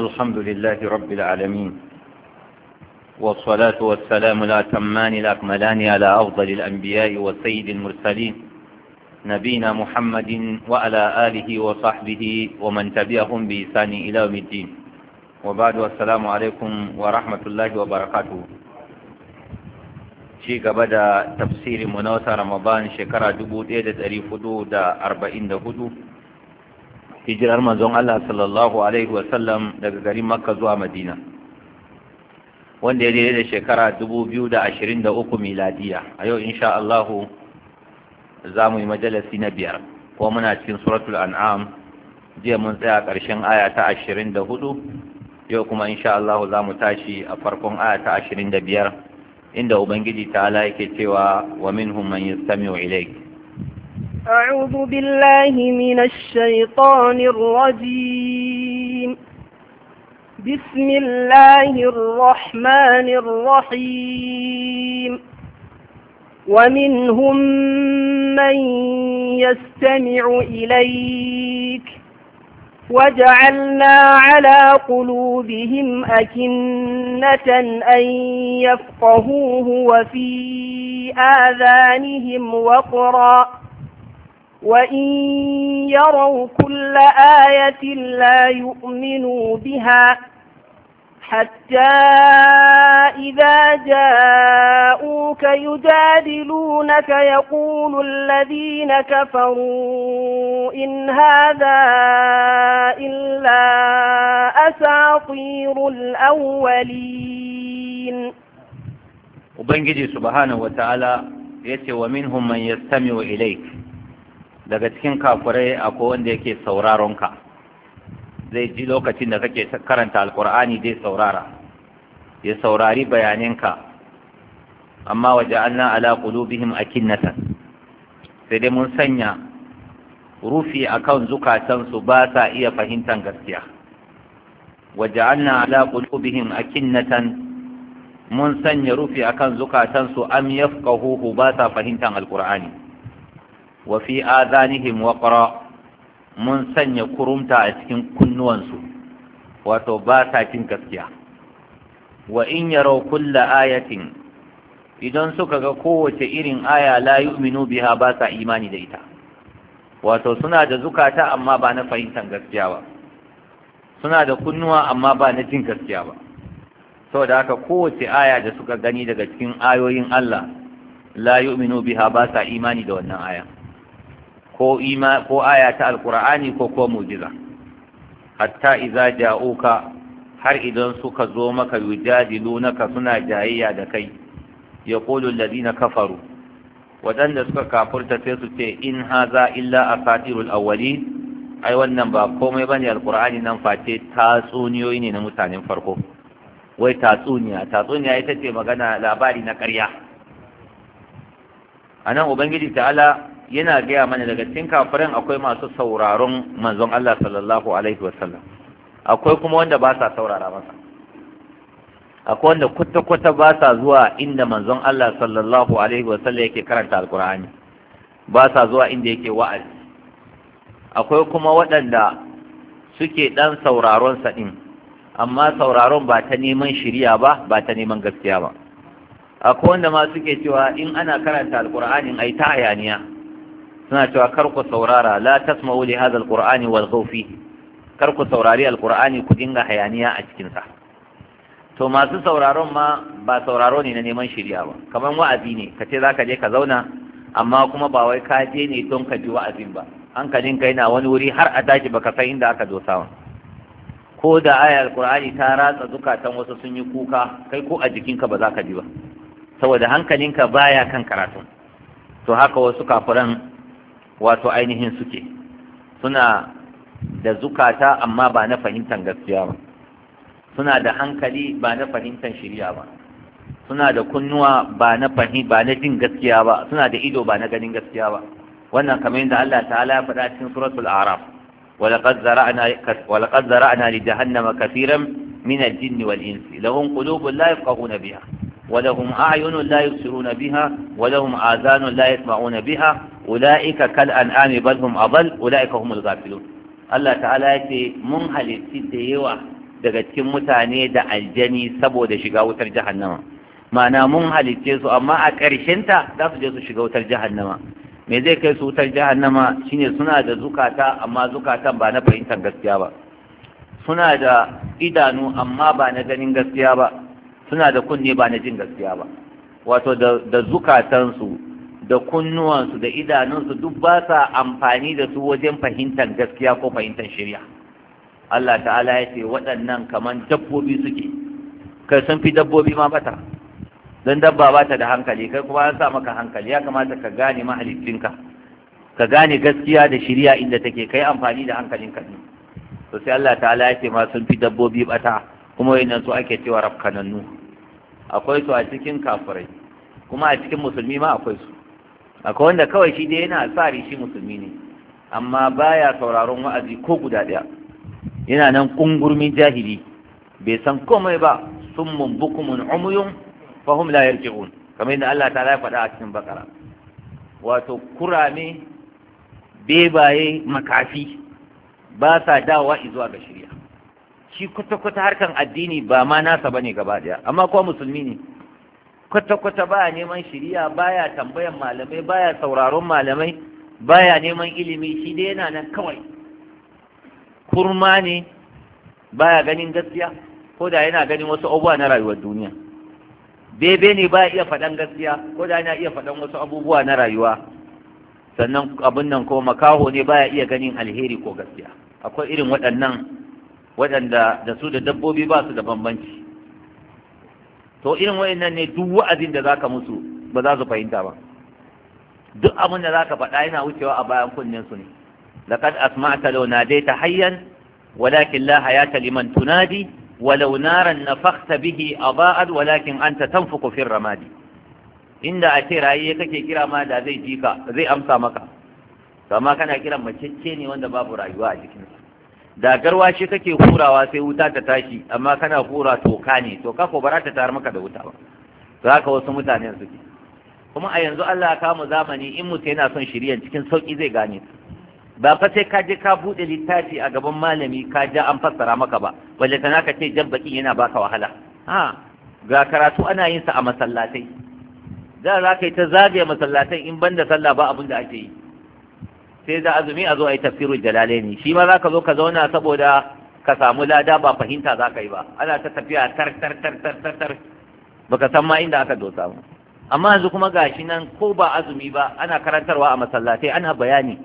الحمد لله رب العالمين والصلاة والسلام الأتمان الأكملان على أفضل الأنبياء وسيد المرسلين نبينا محمد وعلى آله وصحبه ومن تبعهم بإحسان إلى يوم الدين وبعد السلام عليكم ورحمة الله وبركاته ci gaba da tafsirin mu na wata Ramadan shekara 1444 hijirar manzon Allah sallallahu alaihi wasallam daga garin Makka zuwa Madina wanda ya daidai da shekara 2023 miladiya a yau insha Allah za mu yi majalisi na biyar ko muna cikin suratul an'am jiya mun tsaya ƙarshen aya ta 24 yau kuma insha Allah za mu tashi a farkon aya ta 25 inda ubangiji ta ala yake cewa wa minhum man yastami'u ilayk أعوذ بالله من الشيطان الرجيم بسم الله الرحمن الرحيم ومنهم من يستمع إليك وجعلنا على قلوبهم أكنة أن يفقهوه وفي آذانهم وقرأ وإن يروا كل آية لا يؤمنوا بها حتى إذا جاءوك يجادلونك يقول الذين كفروا إن هذا إلا أساطير الأولين وبنجي سبحانه وتعالى يتي ومنهم من يستمع إليك daga cikin kafurai akwai wanda yake sauraronka, zai ji lokacin da kake karanta alkur'ani zai saurara ya saurari bayaninka amma waje Allah ala qulubihim akinnatan sai dai mun sanya rufi akan zukatansu ba sa iya fahimtar gaskiya waje Allah ala qulubihim akinnatan mun sanya rufi akan zukatansu am yafqahuhu ba sa fahimtar alkur'ani wa fi adanihim waqra mun sanya kurumta a cikin kunnuwansu wato ba sa cin gaskiya wa in yarau kulla ayatin idan suka ga kowace irin aya la yu'minu biha ba sa imani da ita wato suna da zukata amma ba na fahimtar gaskiya ba suna da kunnuwa amma ba na jin gaskiya ba saboda haka kowace aya da suka gani daga cikin ayoyin Allah la yu'minu biha ba sa imani da wannan aya ko ima ko aya ta alkur'ani ko ko mu'jiza hatta idza ja'uka har idan suka zo maka yujadilunaka suna jayayya da kai yaqulu alladhina kafaru waɗanda suka kafurta sai su ce in haza illa asatirul awwali ai wannan ba komai bane alkur'ani nan face tatsuniyoyi ne na mutanen farko wai tatsuniya tatsuniya ita ce magana labari na ƙarya anan ubangiji ta'ala yana gaya mana daga cikin kafirin akwai masu sauraron manzon Allah sallallahu alaihi wasallam akwai kuma wanda ba sa saurara masa akwai wanda kuta-kuta ba sa zuwa inda manzon Allah sallallahu alaihi wasallam yake karanta alkur'ani ba sa zuwa inda yake wa'azi akwai kuma waɗanda suke ɗan sauraron sa ɗin amma sauraron ba ta neman shirya ba ba ta neman gaskiya ba akwai wanda ma suke cewa in ana karanta alkur'anin ai ta hayaniya suna cewa kar ku saurara la tasma'u li hadha alqur'ani wal fihi kar ku saurari alqur'ani ku dinga hayaniya a cikin sa to masu sauraron ma ba sauraro ne na neman shirya ba kamar wa'azi ne ka ce zaka je ka zauna amma kuma ba wai ka je ne don ka ji wa'azin ba an ka yana wani wuri har a tashi baka san inda aka dosa sawa ko da ayar alqur'ani ta ratsa zukatan wasu sun yi kuka kai ko a jikinka ba za ka ji ba saboda hankalinka baya kan karatu, to haka wasu kafiran wato ainihin suke suna da zukata amma ba na fahimtar gaskiya ba suna da hankali ba na fahimtar shirya ba suna da kunnuwa ba na ba na jin gaskiya ba suna da ido ba na ganin gaskiya ba wannan kamar yadda Allah ta'ala ya faɗa cikin suratul araf ولقد زرعنا ولقد زرعنا لجهنم كثيرا من الجن والانس لهم قلوب لا يفقهون بها ولهم أعين لا يبصرون بها ولهم آذان لا يسمعون بها أولئك كالأنعام بل هم أضل أولئك هم الغافلون الله تعالى يتي من هل يتديوا daga cikin mutane da aljani saboda shiga wutar jahannama ma'ana mun halicce su amma a ƙarshenta za su je su shiga wutar jahannama me zai kai su wutar jahannama shine suna da zukata amma zukatan ba na fahimtar gaskiya ba suna da idanu amma ba na ganin gaskiya ba suna da kunne ba na jin gaskiya ba wato da zukatansu da kunnuwansu da idanunsu duk ba sa amfani da su wajen fahimtar gaskiya ko fahimtar shirya Allah ta'ala ya ce waɗannan kaman dabbobi suke kai sun fi dabbobi ma bata don dabba ba ta da hankali kai kuma an sa maka hankali ya kamata ka gane mahalicinka ka gane gaskiya da shirya inda take kai amfani da hankalinka ne to sai Allah ta'ala ya ce ma sun fi dabbobi bata kuma wayannan su ake cewa rafkanannu akwai su a cikin kafirai kuma a cikin musulmi ma akwai su akwai wanda kawai shi dai yana tsari shi musulmi ne amma baya sauraron wa'azi ko guda ɗaya yana nan kungurmin jahili bai san komai ba sun bukumun umuyun fahim la yarji'un kamar yadda Allah ta ya faɗa a cikin bakara wato kurame bebaye makafi ba sa dawowa zuwa ga shirya shi kwata-kwata harkan addini ba ma nasa ba ne gaba daya amma kuwa musulmi ne kwata-kwata baya neman shiriya baya tambayan malamai baya sauraron malamai baya neman ilimi shi dai yana nan kawai kurma ne baya ganin gaskiya ko da yana ganin wasu abubuwa na rayuwar duniya bebe ne baya iya faɗan gaskiya ko da yana iya faɗan wasu abubuwa na rayuwa sannan abin nan ko makaho ne baya iya ganin alheri ko gaskiya akwai irin waɗannan waɗanda da su da dabbobi ba su da bambanci to irin wayannan ne duk wa'azin da zaka musu ba za su fahimta ba duk abin da za ka faɗa yana wucewa a bayan kunnen su ne laqad asma'ta law nadaita hayyan walakin la hayata liman tunadi walau naran nafakhta bihi aba'ad walakin anta tanfuku fir ramadi inda a ce raye kake kira ma da zai jika zai amsa maka kama kana kiran macecce ne wanda babu rayuwa a jikinsa da garwa shi kake hurawa sai wuta ta tashi amma kana hura toka ne toka ko ba ta tar maka da wuta ba za ka wasu mutane suke kuma a yanzu Allah ya kama zamani in mutum yana son shiriyan cikin sauki zai gane ba fa sai ka je ka buɗe littafi a gaban malami ka ja an fassara maka ba balle kana ka ce jan baki yana baka wahala ha ga karatu ana yin sa a masallatai da za ka yi ta zagaya masallatai in banda sallah ba abin da ake yi sai da azumi a zo a yi tafsirul ne. shi ma ka zo ka zauna saboda ka samu lada ba fahimta za ka yi ba ana ta tafiya tar tar tar tar tar tar baka san ma inda aka dosa mu amma yanzu kuma gashi nan ko ba azumi ba ana karantarwa a masallatai ana bayani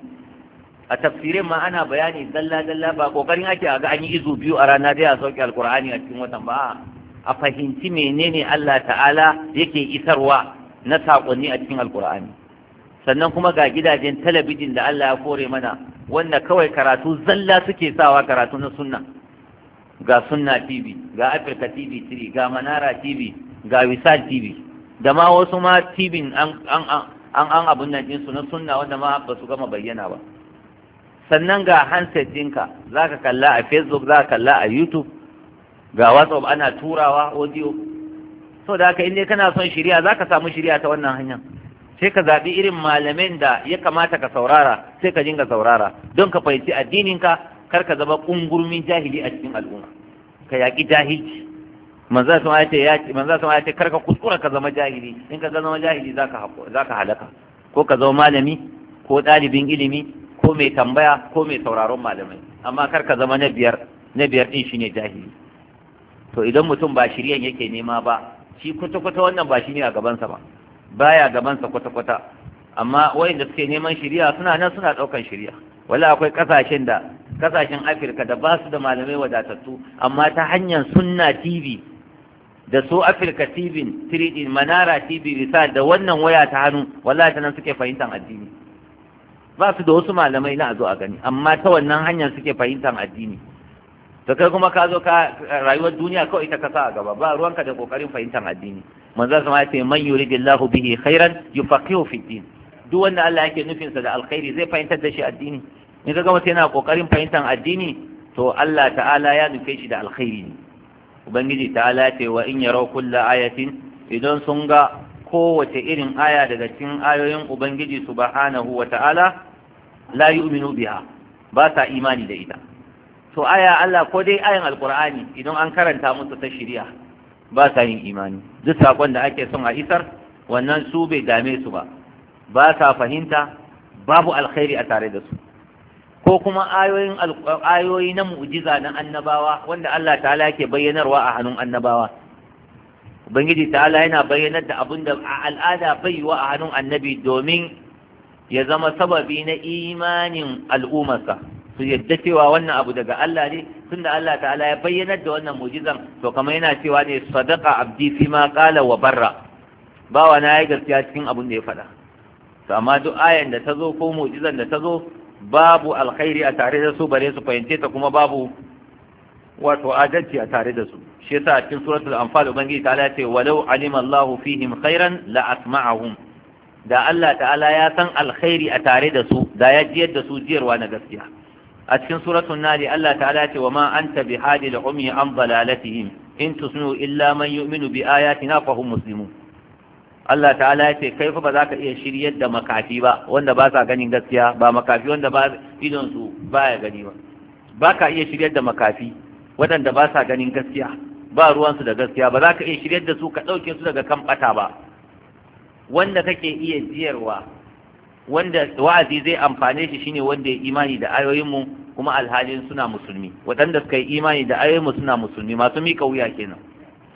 a tafsirin ma ana bayani dalla dalla ba kokarin ake a ga an yi izu biyu a rana dai a sauke alkur'ani a cikin watan ba a fahimci menene Allah ta'ala yake isarwa na saƙonni a cikin alkur'ani sannan kuma ga gidajen talabijin da Allah ya kore mana wanda kawai karatu zalla suke sawa karatu na sunna ga sunna tv ga africa tv 3 ga manara tv ga wisal tv da ma wasu ma tv an an abun nan ɗinsu na sunna wanda ma ba su gama bayyana ba sannan ga handset ɗinka za ka kalla a facebook za ka kalla a youtube ga whatsapp ana turawa audio so da haka in dai kana son shirya za ka samu shirya ta wannan hanyar sai ka zaɓi irin malamin da ya kamata ka saurara sai ka dinga saurara don ka fahimci addininka kar ka zama ƙungurmin jahili a cikin al'umma ka yaƙi jahilci manzo sun ayace ya manzo sun kar ka kuskura ka zama jahili in ka zama jahili zaka zaka halaka ko ka zama malami ko ɗalibin ilimi ko mai tambaya ko mai sauraron malamai amma kar ka zama na biyar na biyar din shine jahili to idan mutum ba shiryan yake nema ba shi kwata-kwata wannan ba shi ne a gabansa ba baya gabansa kwata-kwata amma wayanda suke neman shiriya suna nan suna ɗaukan shiriya wala akwai ƙasashen da kasashen afirka da ba su da malamai wadatattu amma ta hanyar sunna tv da su afirka tv 3d manara tv risa da wannan waya ta hannu wala ta nan suke fahimtar addini ba su da wasu malamai na a zo a gani amma ta wannan hanyar suke fahimtar addini to kai kuma ka zo ka rayuwar duniya kawai ita ka sa a gaba ba ruwanka da kokarin fahimtar addini manzon sama ya ce man Allahu bihi khairan yufaqihu fi din duk wanda Allah yake nufin sa da alkhairi zai fahimtar da shi addini in ka ga wata yana kokarin fahimtar addini to Allah ta'ala ya nufe shi da alkhairi ne ubangiji ta'ala ya ce wa in yaraw kulla ayatin idan sun ga kowace irin aya daga cikin ayoyin ubangiji subhanahu wa ta'ala la yu'minu biha ba sa imani da ita to aya Allah ko dai ayan alqur'ani idan an karanta musu ta shari'a ba sa yin imani duk sakon da ake son a isar wannan su bai dame su ba ba sa fahimta babu alkhairi a tare da su ko kuma ayoyin ayoyi na mu'jiza na annabawa wanda Allah ta'ala yake bayyanarwa a hannun annabawa ubangiji ta'ala yana bayyanar da abin da al'ada bai wa a hannun annabi domin ya zama sababi na imanin al'ummarsa su yadda cewa wannan abu daga Allah ne tunda Allah ta'ala ya bayyanar da wannan mu'jizan to kama yana cewa ne sadaqa abdi fi ma qala wa barra bawa na ya gaskiya cikin abin da ya faɗa to amma duk ayan da ta zo ko mu'jizan da ta zo babu alkhairi a tare da su bare su fahimce ta kuma babu wato adalci a tare da su shi yasa a cikin suratul anfal ubangiji ta'ala ya ce walau alima Allahu fihim khairan la asma'ahum da Allah ta'ala ya san alkhairi a tare da su da ya jiyar da su jiyarwa na gaskiya a cikin suratun nali Allah ta'ala ce wa ma anta bi hadi da umi an balalatihim in tusnu illa man yu'minu bi ayatina fa hum muslimun Allah ta'ala ya ce kai fa ba za ka iya shiryar da makafi ba wanda ba sa ganin gaskiya ba makafi wanda ba idon su baya gani ba ba ka iya shiryar da makafi waɗanda ba sa ganin gaskiya ba ruwansu da gaskiya ba za ka iya shiryar da su ka ɗauke su daga kan ɓata ba wanda kake iya jiyarwa wanda wa'azi zai amfane shi shine wanda ya imani da ayoyinmu kuma alhalin suna musulmi waɗanda suka yi imani da ayoyinmu suna musulmi masu mika wuya kenan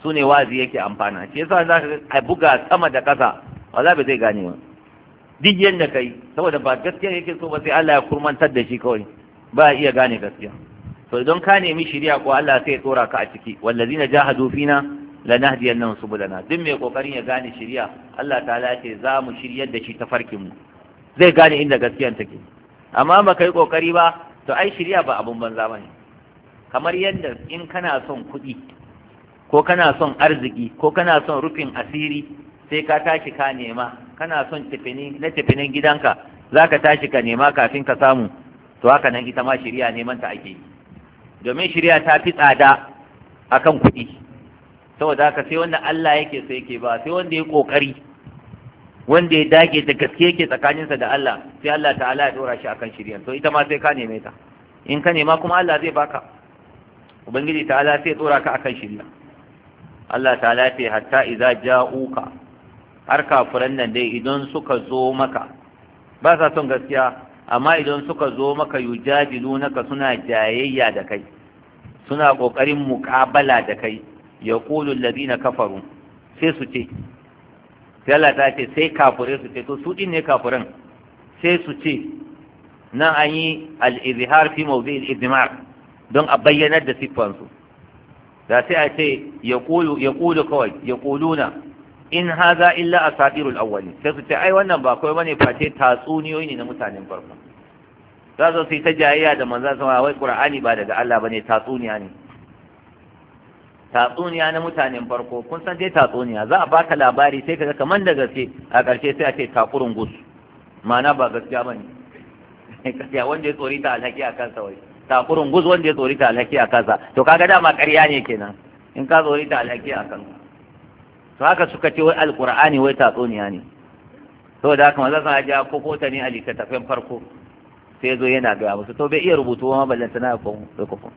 su ne wa'azi yake amfana shi yasa za ka buga sama da ƙasa wala ba zai gane ba duk yadda kai saboda ba gaskiya yake so ba sai Allah ya kurmantar da shi kawai ba iya gane gaskiya to idan ka nemi shari'a ko Allah sai ya tsora ka a ciki wallazina jahadu fina lanahdiyannahum subulana duk mai kokarin ya gane shari'a Allah ta'ala ya ce za mu shiryar da shi ta farkin mu zai gane inda gaskiyan take amma ba ka yi ƙoƙari ba to ai shirya ba abun banza ba kamar yadda in kana son kuɗi ko kana son arziki ko kana son rufin asiri sai ka tashi ka nema kana son tafini na tafinin gidanka za ka tashi ka nema kafin ka samu to haka nan ita ma shirya neman ta ake domin shirya ta fi tsada akan kuɗi saboda haka sai wanda Allah yake so yake ba sai wanda ya ƙoƙari wanda ya dage da gaske yake tsakaninsa da Allah sai Allah ta'ala ya dora shi akan shirya to ita ma sai ka neme ta in ka nema kuma Allah zai baka ubangiji ta'ala sai ya dora ka akan shirya Allah ta'ala ce hatta idza ja'uka har kafiran nan dai idan suka zo maka ba sa son gaskiya amma idan suka zo maka yujadilunaka suna jayayya da kai suna kokarin muqabala da kai yaqulu alladhina kafaru sai su ce sai Allah ta ce sai kafure su ce to su din ne kafuran sai su ce nan an yi al-izhar fi mawdi al-izmar don a bayyanar da siffansu da sai a ce yaqulu yaqulu kawai yaquluna in haza illa asatirul awwali sai su ce ai wannan ba kai bane face tatsuniyoyi ne na mutanen farko za su yi ta jayayya da manzon sama wai qur'ani ba daga Allah bane tatsuniya ne tatsuniya na mutanen farko kun san dai tatsuniya za a baka labari sai ka kaman da gaske a ƙarshe sai a ce takurin gus ma'ana ba gaskiya ba ne gaskiya wanda ya tsori ta alhaki a kansa wai takurin gus wanda ya tsori ta alhaki a kansa to kaga dama ƙarya ne kenan in ka tsori ta alhaki a kansa to haka suka ce wai alƙur'ani wai tatsuniya ne saboda haka maza sun ajiya ko ta ne a littattafan farko sai zo yana gaya musu to bai iya rubutu ma ballantana ya kofin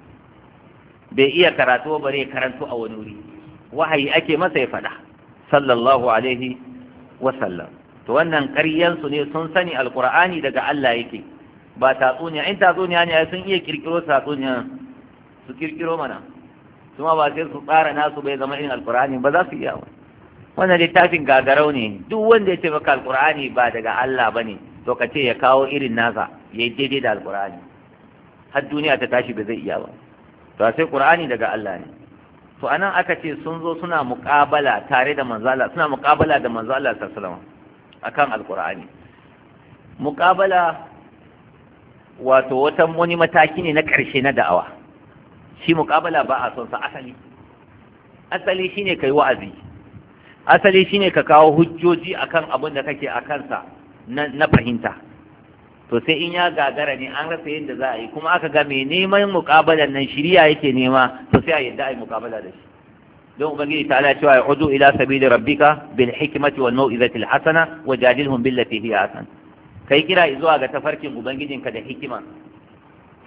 bai iya karatu ba ne karantu a wani wuri wahayi ake masa ya faɗa sallallahu alaihi wa sallam to wannan ƙaryansu ne sun sani alqur'ani daga Allah yake ba tatsuniya in tatsuniya ne sun iya kirkiro tatsuniya su kirkiro mana kuma ba sai su tsara nasu bai zama irin alqur'ani ba za su iya wannan littafin gagarau ne duk wanda ya ce maka alqur'ani ba daga Allah bane to ka ce ya kawo irin nasa yayi daidai da alqur'ani har duniya ta tashi ba zai iya ba to sai qur'ani daga Allah ne to anan aka ce sun zo suna muqabala tare da manzo Allah suna muqabala da manzo Allah sallallahu alaihi wasallam akan alqur'ani muqabala wato wata wani mataki ne na ƙarshe na da'awa shi muƙabala ba a son sa asali asali shine kai wa'azi asali shine ka kawo hujjoji akan abin da kake a kansa na, fahimta to sai in ya gagara ne an rasa yadda za a yi kuma aka ga mai neman muƙabalar nan shirya yake nema to sai a yadda a yi muƙabala da shi don ubangiji ta ala cewa udu ila sabili rabbika bil hikmati wal mau'izati al hasana wajadilhum billati hiya hasan kai kira zuwa ga tafarkin ka da hikima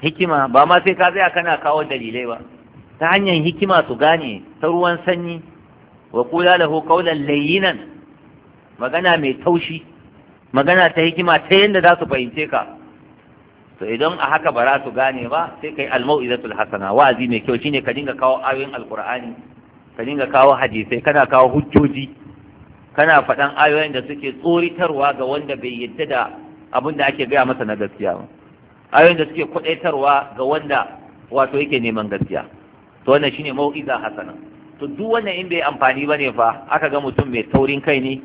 hikima ba ma sai ka tsaya kana kawo dalilai ba ta hanyar hikima su gane ta ruwan sanyi wa kula lahu qawlan layyinan magana mai taushi magana ta hikima ta yadda za su fahimce ka to idan a haka ba za su gane ba sai kai almau'izatul hasana wa'azi mai kyau shine ka dinga kawo ayoyin alkur'ani ka dinga kawo hadisai kana kawo hujjoji kana faɗan ayoyin da suke tsoritarwa ga wanda bai yadda da abin da ake gaya masa na gaskiya ba ayoyin da suke kwadaitarwa ga wanda wato yake neman gaskiya to wannan shine mau'iza hasana to duk wannan in bai amfani ba ne fa aka ga mutum mai taurin kai ne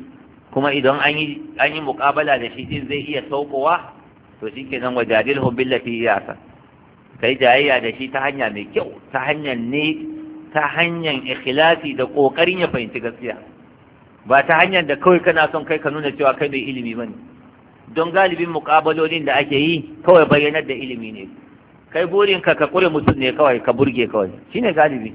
kuma idan an yi an da shi din zai iya saukowa to shi ke nan shikenan wajadilhum billati hiya yasa. kai jayayya da shi ta hanya mai kyau ta hanyar ne ta hanyar ikhlasi da kokarin ya fahimci gaskiya ba ta hanyar da kawai kana son kai ka nuna cewa kai mai ilimi ba bane don galibin muƙabalolin da ake yi kawai bayyanar da ilimi ne kai burinka ka kure mutum ne kawai ka burge kawai shine galibi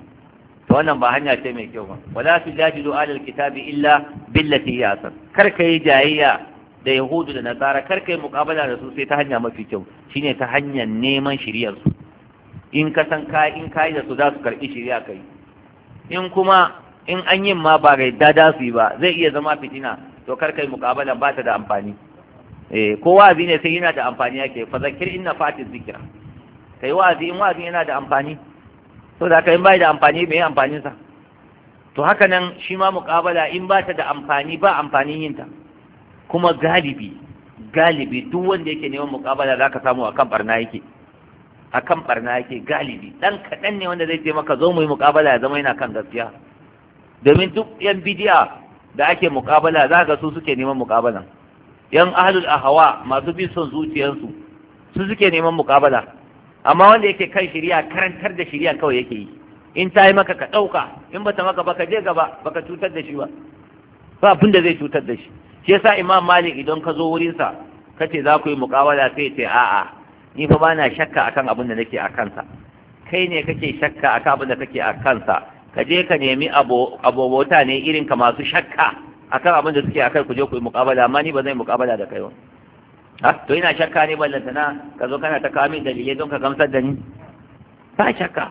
to wannan ba hanya ce mai kyau ba wala tujadilu ahlul kitabi illa billati hiya asan kar yi jayayya da yahudu da nasara kar yi muqabala da su sai ta hanya mafi kyau shine ta hanyar neman shiriyar su in ka san ka in kai da su za su karbi shiriya kai in kuma in an yin ma ba gaida da su yi ba zai iya zama fitina to kar yi muqabala ba ta da amfani eh ko wa'azi ne sai yana da amfani yake fa zakir inna fatiz zikra kai wa'azi in wa'azi yana da amfani so da aka in bai da amfani mai amfanin sa to haka nan shi ma muƙabala in ba ta da amfani ba amfanin yinta. ta kuma galibi galibi duk wanda yake neman muƙabala za ka samu a kan barna yake kan barna yake galibi Ɗan kaɗan ne wanda zai ce maka zo mu yi muƙabala ya zama yana kan gaskiya domin duk yan bidiya da ake muƙabala za ga su suke neman muƙabalan yan ahlul ahawa masu bin son zuciyarsu su suke neman muƙabala amma wanda yake kan shirya karantar da shirya kawai yake yi in ta yi maka ka ɗauka in bata maka baka je gaba baka cutar da shi ba ba abin da zai cutar da shi shi yasa imam malik idan ka zo wurinsa ka ce za ku yi muƙawala sai ce a'a ni fa bana shakka akan abin da nake a kansa kai ne kake shakka akan abin da kake a kansa ka je ka nemi abobota ne irin ka masu shakka akan abin da suke akai ku je ku yi muƙabala amma ni ba zan yi muƙabala da kai ba to ina shakka ne ballanta na ka zo kana ta kawo min dalilai don ka gamsar da ni ba shakka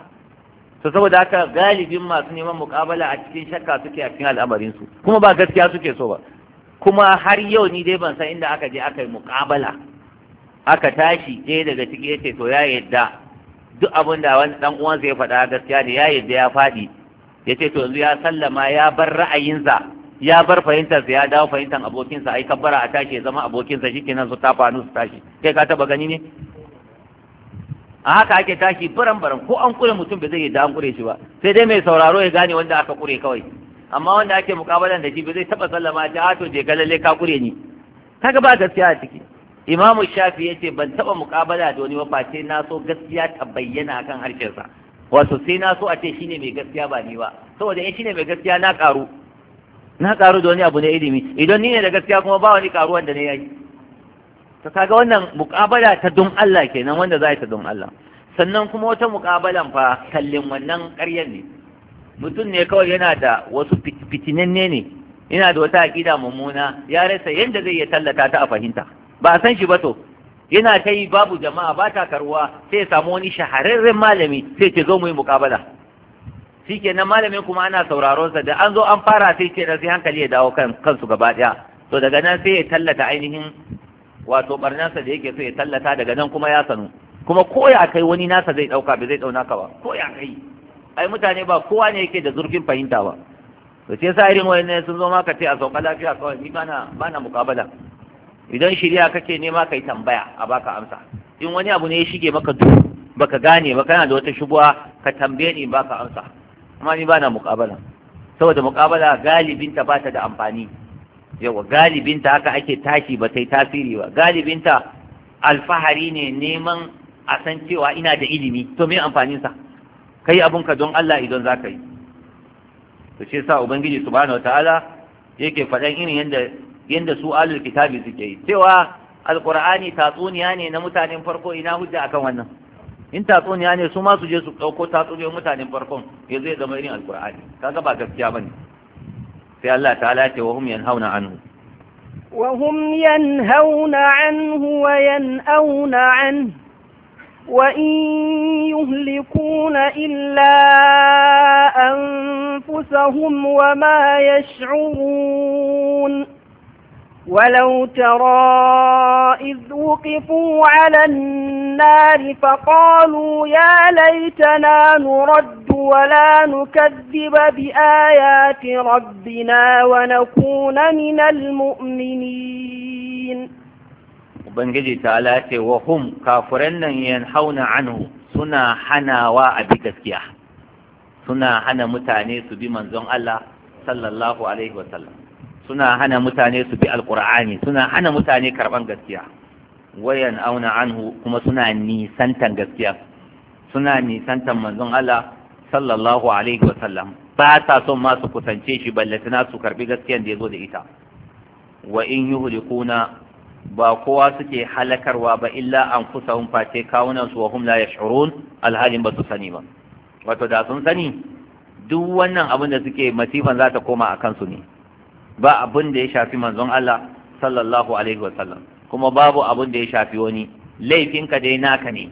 to saboda haka galibin masu neman mukabala a cikin shakka suke a cikin al'amarin su kuma ba gaskiya suke so ba kuma har yau ni dai ban san inda aka je aka yi mukabala aka tashi je daga ciki yace to ya yadda duk abin da wani dan uwansa ya faɗa gaskiya ne ya yadda ya faɗi yace to yanzu ya sallama ya bar ra'ayinsa ya bar fahimtar ya dawo fahimtar abokinsa ai kabbara a tashi ya zama abokinsa shikenan su tafa hannu su tashi kai ka taba gani ne a haka ake tashi baran baran ko an kure mutum ba zai yi da an kure shi ba sai dai mai sauraro ya gane wanda aka kure kawai amma wanda ake mukabalan da shi ba zai taba sallama ta ato ah, je ga lalle ka kure ni kaga ba gaskiya a ciki imamu shafi ya ce ban taba mukabala da wani mafaci na so gaskiya ta bayyana akan harshensa wato sai na so a ce shine mai gaskiya ba ni ba saboda in shine mai gaskiya na karu na karu da wani abu ne ilimi idan ni ne da gaskiya kuma ba wani karuwan da ne yayi ta kaga wannan muƙabala ta don Allah kenan wanda za ta don Allah sannan kuma wata muƙabalan fa kallin wannan ƙaryan ne mutum ne kawai yana da wasu fitinanne ne yana da wata aqida mummuna ya rasa yadda zai ya tallata ta a fahimta ba a san shi ba to yana ta yi babu jama'a ba ta karuwa sai ya samu wani shahararren malami sai ce zo mu yi muƙabala. na malamin kuma ana sauraron sa da an zo an fara sai ce sai hankali ya dawo kan kansu gaba daya to daga nan sai ya tallata ainihin wato sa da yake so ya tallata daga nan kuma ya sanu kuma ko ya kai wani nasa zai dauka bai zai dauna ka ba ko ya kai ai mutane ba kowa ne yake da zurfin fahimta ba to sai sa irin wani sun zo maka ce a sauka lafiya kawai ni bana bana mukabala idan shirya kake nema kai tambaya a baka amsa in wani abu ne ya shige maka duk baka gane ba kana da wata shubuwa ka tambaye ni baka amsa amma ni ba na muƙabala saboda muƙabala galibinta ba ta da amfani yawa galibinta haka ake tashi ba ta yi tasiri ba galibinta alfahari ne neman a san cewa ina da ilimi to me amfaninsa ka yi abinka don Allah idan za ka yi to shi sa ubangiji subhanahu wataala yake faɗan irin yadda yadda su alul kitabi suke yi cewa alqur'ani tatsuniya ne na mutanen farko ina hujja akan wannan in tatsuniya ne su ma su je su ɗauko tatsuniyoyin mutanen farkon ya zai zama irin alkur'ani kaga ba gaskiya ba ne sai Allah ta ce wa hum yanhauna anhu wa hum yanhauna anhu wa wa in yuhlikuna illa anfusahum wa ma yash'urun ولو ترى إذ وقفوا على النار فقالوا يا ليتنا نرد ولا نكذب بآيات ربنا ونكون من المؤمنين وبنجي تعالى وهم كافرين ينحون عنه سنا حناوا أبي تسكيح سنا حنا متانيس بمنزون الله صلى الله عليه وسلم suna hana mutane su bi alkur'ani suna hana mutane karban gaskiya wayan auna anhu kuma suna nisantan gaskiya suna nisantan manzon Allah sallallahu alaihi wa sallam ba ta son ma su kusance shi ballatana su karbi gaskiyan da yazo da ita wa in yuhlikuna ba kowa suke halakarwa ba illa an kusa hun face kawunan su wa hum la yash'urun alhalin ba su sani ba wato da sun sani duk wannan abin da suke masifan za ta koma a kansu ne ba abin da ya shafi manzon Allah sallallahu alaihi wasallam kuma babu abin da ya shafi wani laifinka dai naka ne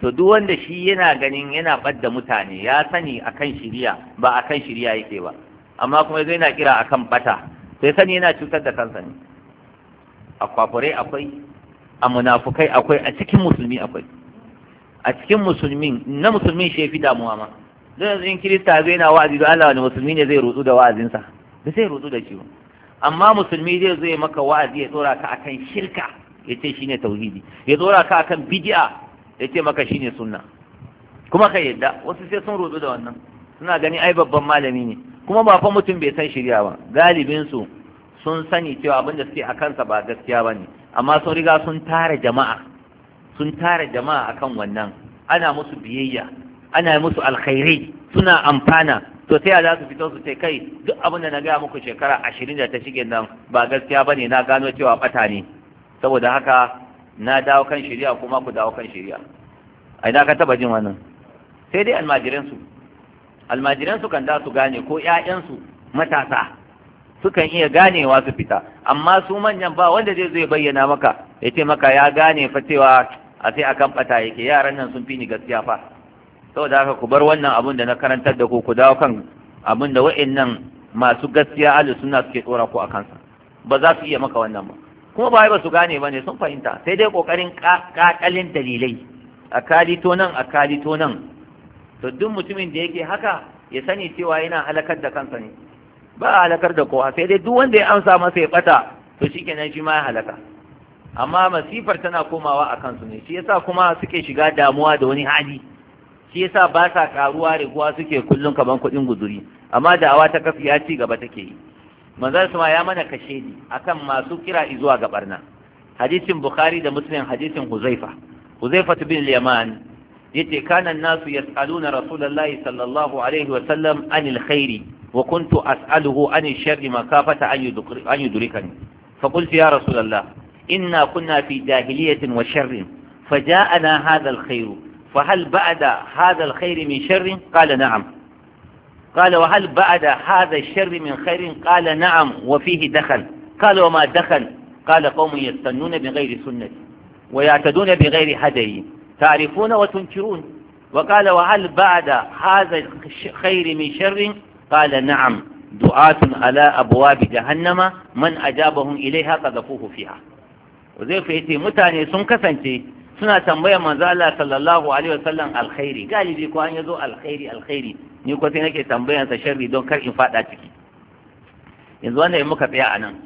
to duk wanda shi yana ganin yana badda mutane ya sani akan shiriya ba akan shiriya yake ba amma kuma yanzu yana kira akan bata sai sani yana cutar da kansa ne a kwafurai akwai a munafukai akwai a cikin musulmi akwai a cikin musulmi, na musulmin shi ya fi damuwa ma don yanzu in kirista zai na wa'azi don Allah wani musulmi ne zai rutsu da wa'azinsa da zai rudu da shi ba amma musulmi zai zo ya maka wa'azi ya tsora ka akan shirka ya ce shine tauhidi ya tsora ka akan bid'a ya ce maka shine sunna kuma ka yadda wasu sai sun rutu da wannan suna gani ai babban malami ne kuma ba fa mutum bai san shirya ba Galibinsu su sun sani cewa abin da suke a kansa ba gaskiya ba ne amma sun riga sun tara jama'a sun tara jama'a akan wannan ana musu biyayya ana musu alkhairi suna amfana to sai za su fito su ce kai duk abin da na gaya muku shekara ashirin da ta shige nan ba gaskiya ba ne na gano cewa bata ne saboda haka na dawo kan shirya kuma ku dawo kan shirya. A ina ka taba jin wannan sai dai almajiransu almajiransu kan za su gane ko ƴaƴansu matasa sukan iya ganewa su fita amma su manyan ba wanda zai zai bayyana maka ya ce maka ya gane fa cewa a sai akan bata yake yaran nan sun fi ni gaskiya fa saboda haka ku bar wannan abun da na karantar da ku ku dawo kan abun da wa'annan masu gaskiya ahlus sunna suke tsora ku a kansa ba za su iya maka wannan ba kuma ba ba su gane ba ne sun fahimta sai dai kokarin kakalin dalilai a kalito nan a kalito nan to duk mutumin da yake haka ya sani cewa yana halakar da kansa ne ba a halakar da kowa sai dai duk wanda ya amsa masa ya bata to shikenan shi ma ya halaka amma masifar tana komawa a kansu ne shi yasa kuma suke shiga damuwa da wani hali shi yasa ba sa karuwa riguwa suke kullum kaman kuɗin guzuri amma da'awa ta kafi ya ci gaba take yi manzon sama ya mana kashe ni akan masu kira izuwa ga barna hadisin bukhari da muslim hadisin huzaifa huzaifa bin yaman yace kana nasu yas'aluna rasulullahi sallallahu alaihi wa sallam anil khairi wa kuntu as'aluhu anil sharri makafata an yudrikani fa qultu ya rasulullah inna kunnafi fi jahiliyatin wa sharrin فجاءنا هذا الخير فهل بعد هذا الخير من شر قال نعم قال وهل بعد هذا الشر من خير قال نعم وفيه دخل قال وما دخل قال قوم يستنون بغير سنتي ويعتدون بغير هدي تعرفون وتنكرون وقال وهل بعد هذا الخير من شر قال نعم دعاة على أبواب جهنم من أجابهم إليها قذفوه فيها وزي فيتي متاني سنكسنتي suna tambayar manzo Allah sallallahu alaihi wasallam alkhairi galibi ko an yazo alkhairi alkhairi ni ko sai nake tambayan sa sharri don kar in fada ciki yanzu wannan muka tsaya anan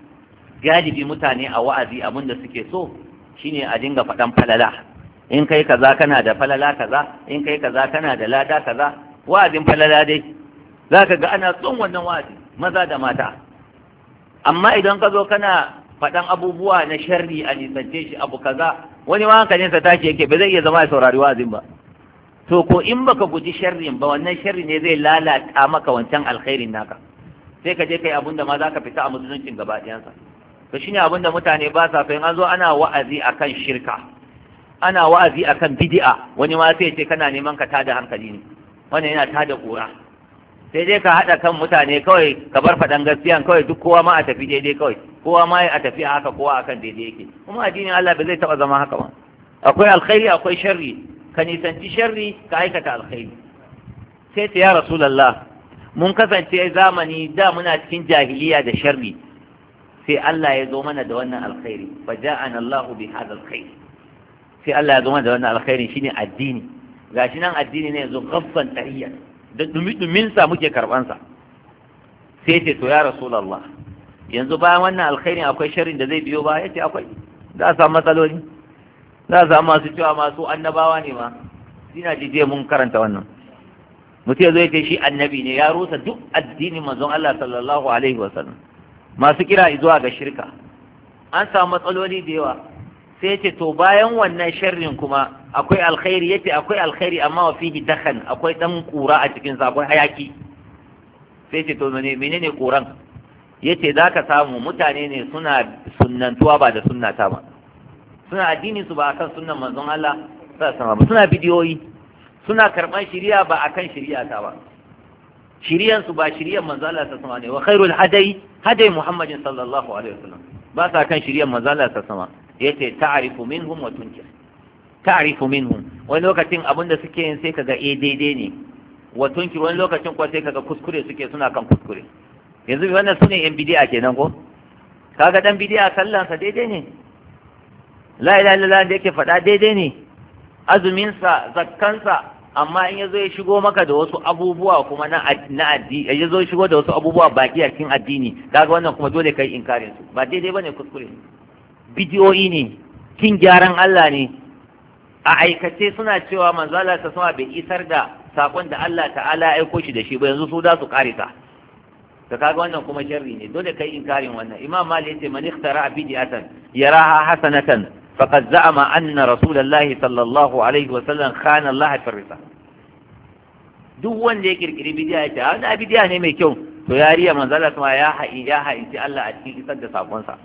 galibi mutane a wa'azi abin da suke so shine a dinga fadan falala in kai kaza kana da falala kaza in kai kaza kana da lada kaza wa'azin falala dai zaka ga ana son wannan wa'azi maza da mata amma idan ka zo kana faɗan abubuwa na sharri a nisance shi abu kaza wani ma hankalin sa tashi yake ba zai iya zama ya saurari wa'azin ba to ko in baka guji sharrin ba wannan sharri ne zai lalata maka wancan alkhairin naka sai ka je kai abin da ma zaka fita a musuluncin gaba ɗayansa to shine abin da mutane ba sa fahimta an zo ana wa'azi akan shirka ana wa'azi akan bid'a wani ma sai ce kana neman ka tada hankali ne wannan yana tada kura sai dai ka haɗa kan mutane kawai ka bar faɗan gaskiya kawai duk kowa ma a tafi daidai kawai kowa ma a tafi a haka kowa akan daidai yake kuma addinin Allah ba zai taɓa zama haka ba akwai alkhairi akwai sharri ka nisanci sharri ka aikata alkhairi sai ta ya rasulullah mun kasance zamani da muna cikin jahiliya da sharri sai Allah ya zo mana da wannan alkhairi fa ja'ana Allahu bi hadha alkhair sai Allah ya zo mana da wannan alkhairin shine addini gashi nan addini ne yanzu ghaffan tariyan da dumi-duminsa muke karɓansa sai ce to ya rasulallah yanzu bayan wannan alkhairi akwai sharrin da zai biyo ba ya ce akwai za a samu matsaloli za a samu masu cewa masu annabawa ne ma suna jijiya mun karanta wannan mutum zai ce shi annabi ne ya rusa duk addinin manzon Allah sallallahu alaihi sallam masu kira zuwa ga shirka an samu matsaloli da yawa sai ce to bayan wannan sharrin kuma akwai alkhairi yace akwai alkhairi amma wa fihi dakhan akwai dan kura a cikin sa akwai hayaki sai ce to ne menene kuran yace zaka samu mutane ne suna sunnantuwa ba da ta ba suna addini su ba akan sunnan manzon Allah sai alaihi ba suna bidiyoyi suna karban shari'a ba akan shari'a ta ba shari'an su ba shari'an manzon Allah sai alaihi ne wa khairul hadai hadai Muhammadin sallallahu alaihi wasallam ba sa kan shari'an manzon Allah sai alaihi yace ta'rifu minhum wa tunkir ta'rifu minhum wani lokacin abin da suke yin sai kaga eh daidai ne wa tunki wani lokacin kuwa sai kaga kuskure suke suna kan kuskure yanzu wannan sune yan bid'a kenan ko kaga dan bid'a sallan sa daidai ne la ilaha illallah da yake faɗa daidai ne azumin sa zakkan sa amma in yazo ya shigo maka da wasu abubuwa kuma na na addini ya zo shigo da wasu abubuwa baki a cikin addini kaga wannan kuma dole kai inkarin su ba daidai bane kuskure bidiyoyi ne kin gyaran Allah ne a aikace suna cewa manzo Allah ta sama bai isar da sakon da Allah ta'ala ya aiko shi da shi ba yanzu su da su kare ka kaga wannan kuma sharri ne dole kai inkarin wannan imam mali yace man ikhtara bid'atan yaraha hasanatan faqad za'ama anna rasulullahi sallallahu alaihi wa sallam khana Allah fi risala duk wanda ya kirkiri bidiya ya ce a ah, wani bidiya ne mai kyau to yariya manzo Allah sama ya ha'i ya ha'i Allah a cikin isar da sakon sa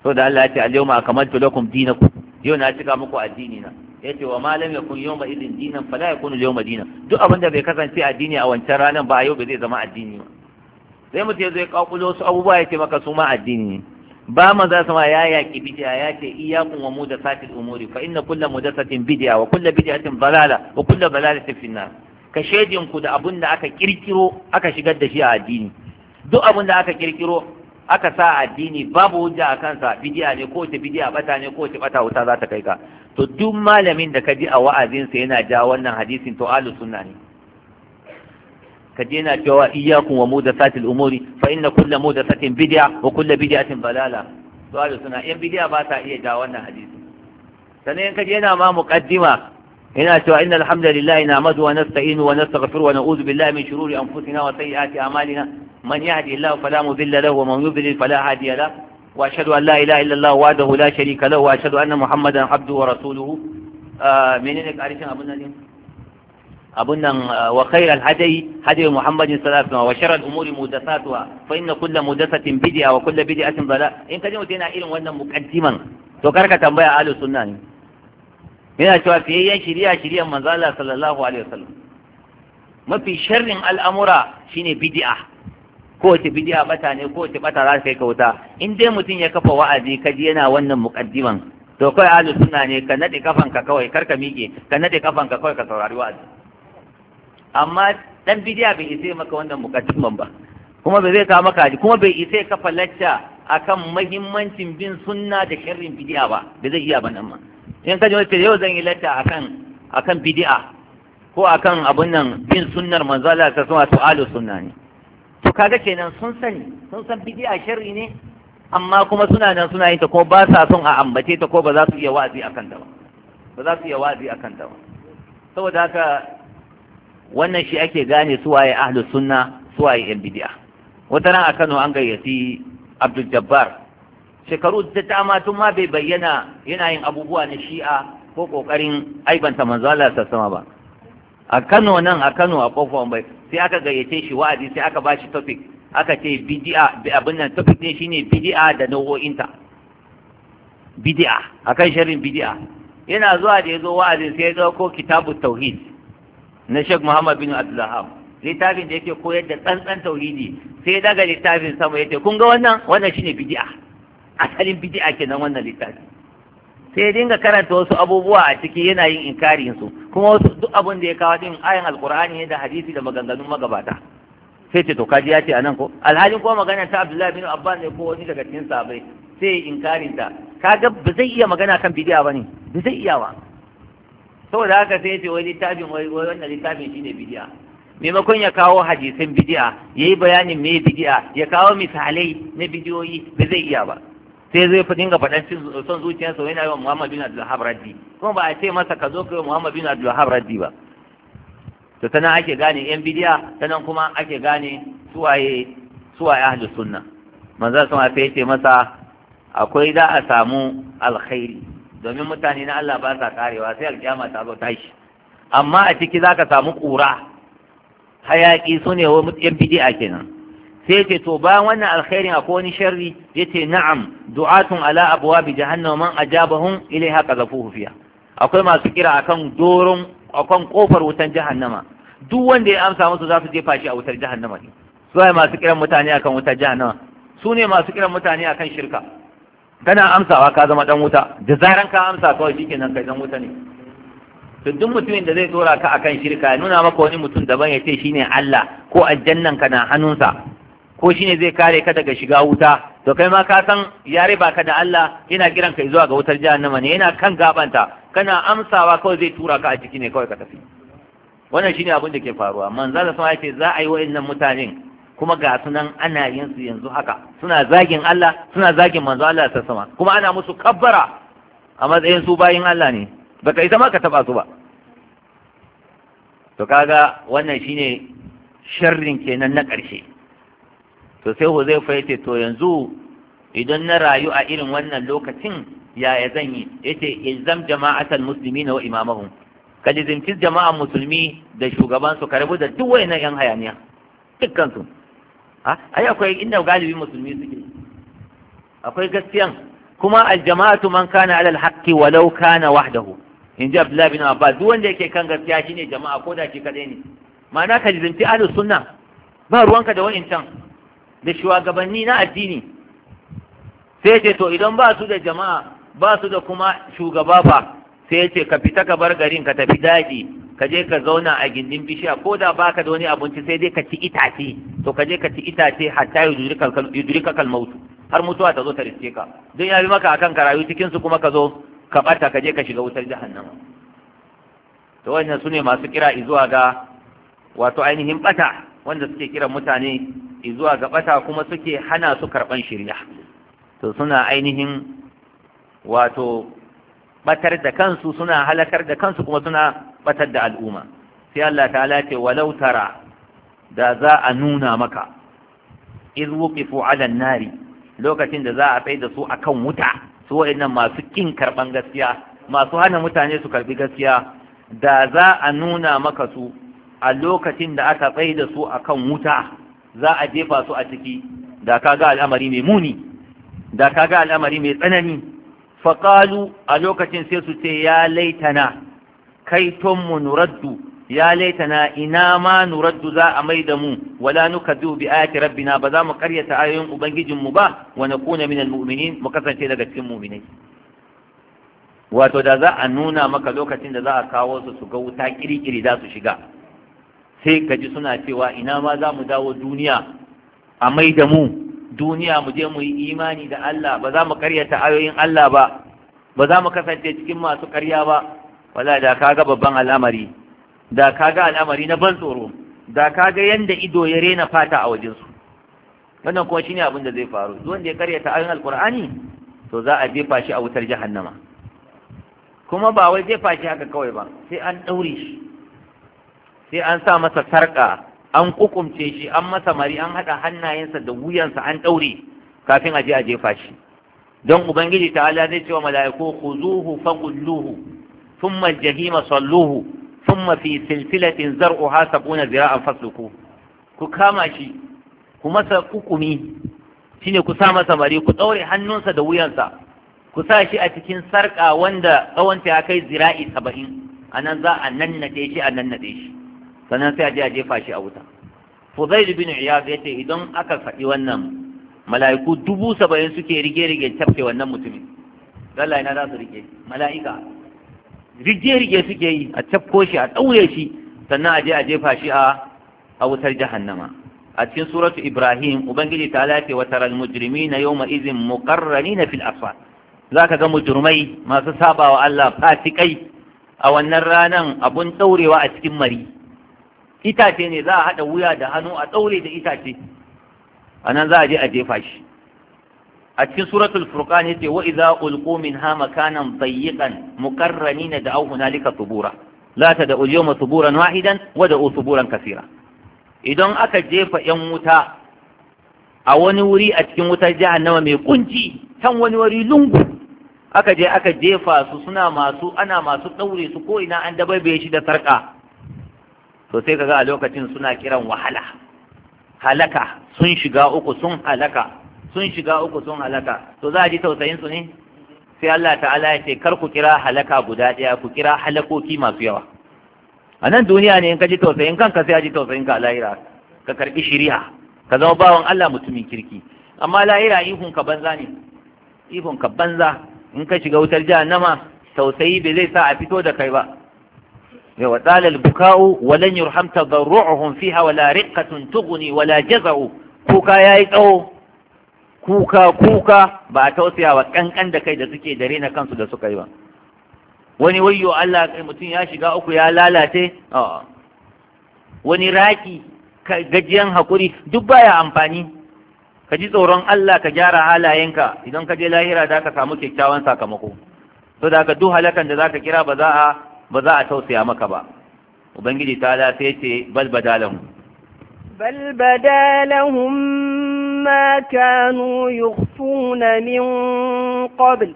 so da Allah ya ce al-yawma akmaltu lakum dinakum yau na cika muku addini na ce wa malam yakun yawma idin dinan fala yakunu yawma dinan duk abin da bai kasance addini a wancan ranar ba yau bai zai zama addini ba sai mu ya zo ya kakulo su abubuwa ya ce maka su ma addini ne ba man za su ma ya yaƙi bidiya ya ce iyakun wa mudasatil umuri fa inna kullu mudasatin bidiya wa kullu bidiyatin balala wa kullu balalatin finnar ka shedin ku da abin da aka kirkiro aka shigar da shi a addini duk abin da aka kirkiro aka sa addini babu hujja a kansa bidiya ne ko ta bidiya bata ne ko ta bata wuta za ta kai ka to duk malamin da ka ji a wa'azinsa yana ja wannan hadisin to alu sunna ne ka ji yana cewa iyakun wa mudasatil umuri fa inna kullu mudasatin bid'a wa kullu bid'atin balala to alu sunna yan bidiya ba ta iya ja wannan hadisin sannan ka yana ma muqaddima ina cewa innal hamdalillahi nahmadu wa nasta'inu wa nastaghfiru wa na'udhu billahi min shururi anfusina wa sayyiati a'malina man yahdihillahu fala mudilla lahu wa man yudlil fala hadiya wa ashhadu an la ilaha illa Allah wahdahu la sharika lahu wa ashhadu anna Muhammadan abduhu wa rasuluhu ah, menene karshen abun nan abun ah, wa khairal hadayi hadayi Muhammadin sallallahu alaihi wasallam wa sharral umuri muhdathatuha fa inna kulla muhdathatin bid'a wa kulla bid'atin dalal in kaje yana irin wannan muqaddiman to karka tambaya ahlus sunna ne yana cewa fiyayyen shiriya shiriyan manzo Allah sallallahu alaihi wasallam mafi sharrin al'amura shine bid'a ko wace bid'a bata ne ko wace bata za ta kai ka in dai mutum ya kafa wa'azi kaji yana wannan muqaddiman to kai ahlu sunna ne ka nade kafanka kawai karka miƙe ka nade kafanka kawai ka saurari wa'azi amma dan bid'a bai isa maka wannan muqaddiman ba kuma bai zai kawo maka kuma bai isa kafa lacca akan mahimmancin bin sunna da sharrin bid'a ba bai zai iya ba nan ma in ka wata yau zan yi kan akan kan bidi'a ko akan abun nan bin sunnar manzo Allah ta sunna to alu sunna ne to kaga kenan sun sani sun san bidi'a sharri ne amma kuma suna nan suna yin ta ko ba sa son a ambace ta ko ba za su iya wa'azi kan ta ba ba za su iya wa'azi kan ta ba saboda haka wannan shi ake gane su waye ahlus sunna waye yan bidi'a wata ran a Kano an gayyaci Abdul Jabbar shekaru ta dama tun ma bai bayyana yana yin abubuwa na shi'a ko kokarin aibanta manzo Allah ta sama ba a Kano nan a Kano a kofar bai sai aka gayyace shi wa'azi sai aka bashi topic aka ce bid'a abin nan topic din shine bid'a da nau'o'inta bid'a akan sharrin bid'a yana zuwa da yazo wa'azi sai ya ko kitabu tauhid na Sheikh Muhammad bin Abdullah littafin da yake koyar da tsantsan tauhidi sai daga littafin sama yace kun ga wannan wannan shine bid'a asalin bid'a kenan wannan littafi sai dinga karanta wasu abubuwa a ciki yana yin inkarin su kuma wasu duk abin da ya kawo din ayan alqur'ani ne da hadisi da maganganun magabata sai ce to kaji ya ce anan ko alhalin ko magana ta Abdullahi bin Abbas ne ko wani daga cikin sahabbai sai inkarin ta kaga ba zai iya magana kan bid'a bane ba zai iya ba? saboda haka sai ya ce wai littafin wai wannan littafin shine bid'a maimakon ya kawo hadisin bidi'a ya yi bayanin me bidi'a ya kawo misalai na bidiyoyi ba zai iya ba sai zai fi dinga faɗan son zuciyarsa yana yi wa Muhammad bin Abdul Wahab raddi kuma ba a ce masa ka zo kai Muhammad bin Abdul Wahab raddi ba to tana ake gane yan bidiya tana kuma ake gane suwaye suwaye ahlus sunna manzo sun afa ce masa akwai za a samu alkhairi domin mutane na Allah ba sa karewa sai alkiyama ta zo tashi amma a ciki zaka samu ƙura? Hayaƙi su ne wa yan bidiya kenan sai ce to bayan wannan alkhairin akwai wani sharri ce na'am du'atun ala abwabi jahannama man ajabahum ilaiha qazafuhu hufiya. akwai masu kira akan doron akan kofar wutan jahannama duk wanda ya amsa musu za su jefa shi a wutar jahannama ne su ne masu kiran mutane akan wutar jahannama su ne masu kiran mutane akan shirka kana amsawa ka zama dan wuta da zaran ka amsa kawai shikenan kai dan wuta ne to duk mutumin da zai tsora ka akan shirka ya nuna maka wani mutum daban ya ce shine Allah ko aljannan ka na hannunsa ko shine zai kare ka daga shiga wuta to kai ma ka san ya riba ka da Allah yana kiran ka zuwa ga wutar jahannama ne yana kan gabanta kana amsawa kawai zai tura ka a ciki ne kawai ka tafi wannan shine abin da ke faruwa manzo da sama yace za a yi wa'annan mutanen kuma ga sunan ana yin su yanzu haka suna zagin Allah suna zagin manzo Allah ta sama kuma ana musu kabbara a matsayin su bayin Allah ne baka ita ma ka taba su ba to kaga wannan shine sharrin kenan na ƙarshe to sai ku zai fahimta to yanzu idan na rayu a irin wannan lokacin yaya zan yi ya ce ilzam jama'atal musulmi na wa imamahum ka jizinci jama'an musulmi da shugabansu ka rabu da duk wayannan yan hayaniya dukkansu ai akwai inda galibi musulmi suke akwai gaskiyan kuma aljama'atu man kana alal haqqi walau kana wahdahu in ji abdullahi bin abbas duk wanda yake kan gaskiya shine jama'a ko da shi kadai ne ma'ana ka jizinci ahlus sunna ba ruwanka da can. da shugabanni na addini sai ce to idan ba su da jama'a ba su da kuma shugaba ba sai ce ka fita ka bar garin ka tafi daji ka je ka zauna a gindin bishiya ko da ba ka da wani abinci sai dai ka ci itace to ka je ka ci itace hatta yi kal kalmautu, har mutuwa ta zo ta riske ka don ya bi maka akan ka rayu cikin su kuma ka zo ka bata ka je ka shiga wutar jahannama to wannan ne masu kira zuwa ga wato ainihin bata wanda suke kiran mutane zuwa ga bata kuma suke hana su karban shirya to suna ainihin wato batar da kansu suna halakar da kansu kuma suna batar da al'umma sai Allah ta'ala ce walau tara da za a nuna maka iz wuqifu 'ala nari lokacin da za a tsai da su akan wuta su waɗannan masu kin karban gaskiya masu hana mutane su karbi gaskiya da za a nuna maka su a lokacin da aka tsaye da su kan wuta za a jefa su a ciki da ka ga al'amari mai muni da ka ga al'amari mai tsanani faƙalu a lokacin sai su ce ya laitana kai mu nuraddu ya laitana ina ma nuraddu za a mai da mu wala nuka bi ayati rabbina ba za mu karyata ayoyin ubangijinmu ba wa kuna minal mu'minin mu kasance daga cikin mu'minai wato da za a nuna maka lokacin da za a kawo su su ga wuta kiri-kiri za su shiga sai ka ji suna cewa ina ma za mu dawo duniya a mai da mu duniya mu je mu yi imani da Allah ba za mu karyata ayoyin Allah ba ba za mu kasance cikin masu karya ba wala da kaga babban al'amari da kaga al'amari na ban tsoro da kaga yanda ido ya rena fata a wajensu wannan kuma shine abin da zai faru duk wanda ya karyata ayoyin alqur'ani to za a jefa shi a wutar jahannama kuma ba wai jefa shi haka kawai ba sai an daure shi sai an sa masa sarƙa an kukumce shi an masa mari an haɗa hannayensa da wuyansa an ɗaure kafin a je a jefa shi don ubangiji ta'ala zai ce wa mala'iku khuzuhu faghulluhu thumma al-jahima salluhu thumma fi silsilatin zar'uha sab'una zira'an fasluku ku kama shi ku masa kukumi shine ku sa masa mari ku ɗaure hannunsa da wuyansa ku sa shi a cikin sarƙa wanda tsawonta ya kai zira'i saba'in a nan za a nannaɗe shi a nannaɗe shi sannan sai a je a jefa shi a wuta fudail bin iyaz yace idan aka faɗi wannan mala'iku dubu saba'in suke rige-rige tafke wannan mutumin Allah ina za su rike mala'ika rige-rige suke yi a tafko shi a ɗaure shi sannan a je a jefa shi a a wutar jahannama a cikin suratu ibrahim ubangiji ta lafe wa taral mujrimina yawma izin muqarranina fil asfar zaka ga mujrimai masu sabawa Allah fasikai a wannan ranan abun daurewa a cikin mari itace ne za a haɗa wuya da hannu a ɗaure da itace a nan za a je a jefa shi a cikin suratul furqan yace wa idza ulqu minha makanan dayyiqan da da'aw hunalika subura la tad'u al-yawma suburan wahidan wa da'u suburan kaseera idan aka jefa yan wuta a wani wuri a cikin wutar jahannama mai kunci can wani wuri lungu aka je aka jefa su suna masu ana masu ɗaure su ko ina an dabaibaye shi da sarƙa to sai kaga a lokacin suna kiran wahala halaka sun shiga uku sun halaka sun shiga uku sun halaka to za a ji tausayin su ne sai Allah ta'ala ya ce kar ku kira halaka guda ɗaya ku kira halakoki masu yawa a nan duniya ne in ka ji tausayin kanka sai a ji tausayin ka a lahira ka karɓi shari'a ka zama bawan Allah mutumin kirki amma lahira ihun ka banza ne ihun ka banza in ka shiga wutar jahannama tausayi bai zai sa a fito da kai ba wa tsalal buka'u walan yurham tadarru'uhum fiha wala riqqatun tughni wala jaza'u kuka yayi tsawo kuka kuka ba a tausaya wa kankan da kai da suke da rena kansu da suka yi ba wani wayyo Allah kai mutum ya shiga uku ya lalace wani raki gajiyan hakuri duk baya amfani ka ji tsoron Allah ka gyara halayenka idan ka je lahira za ka samu kyakkyawan sakamako to da ka duk halakan da za ka kira ba za a ba za a tausaya maka ba ubangiji ta da sai ce bal badalahum bal badalahum ma kanu yukhfuna min qabl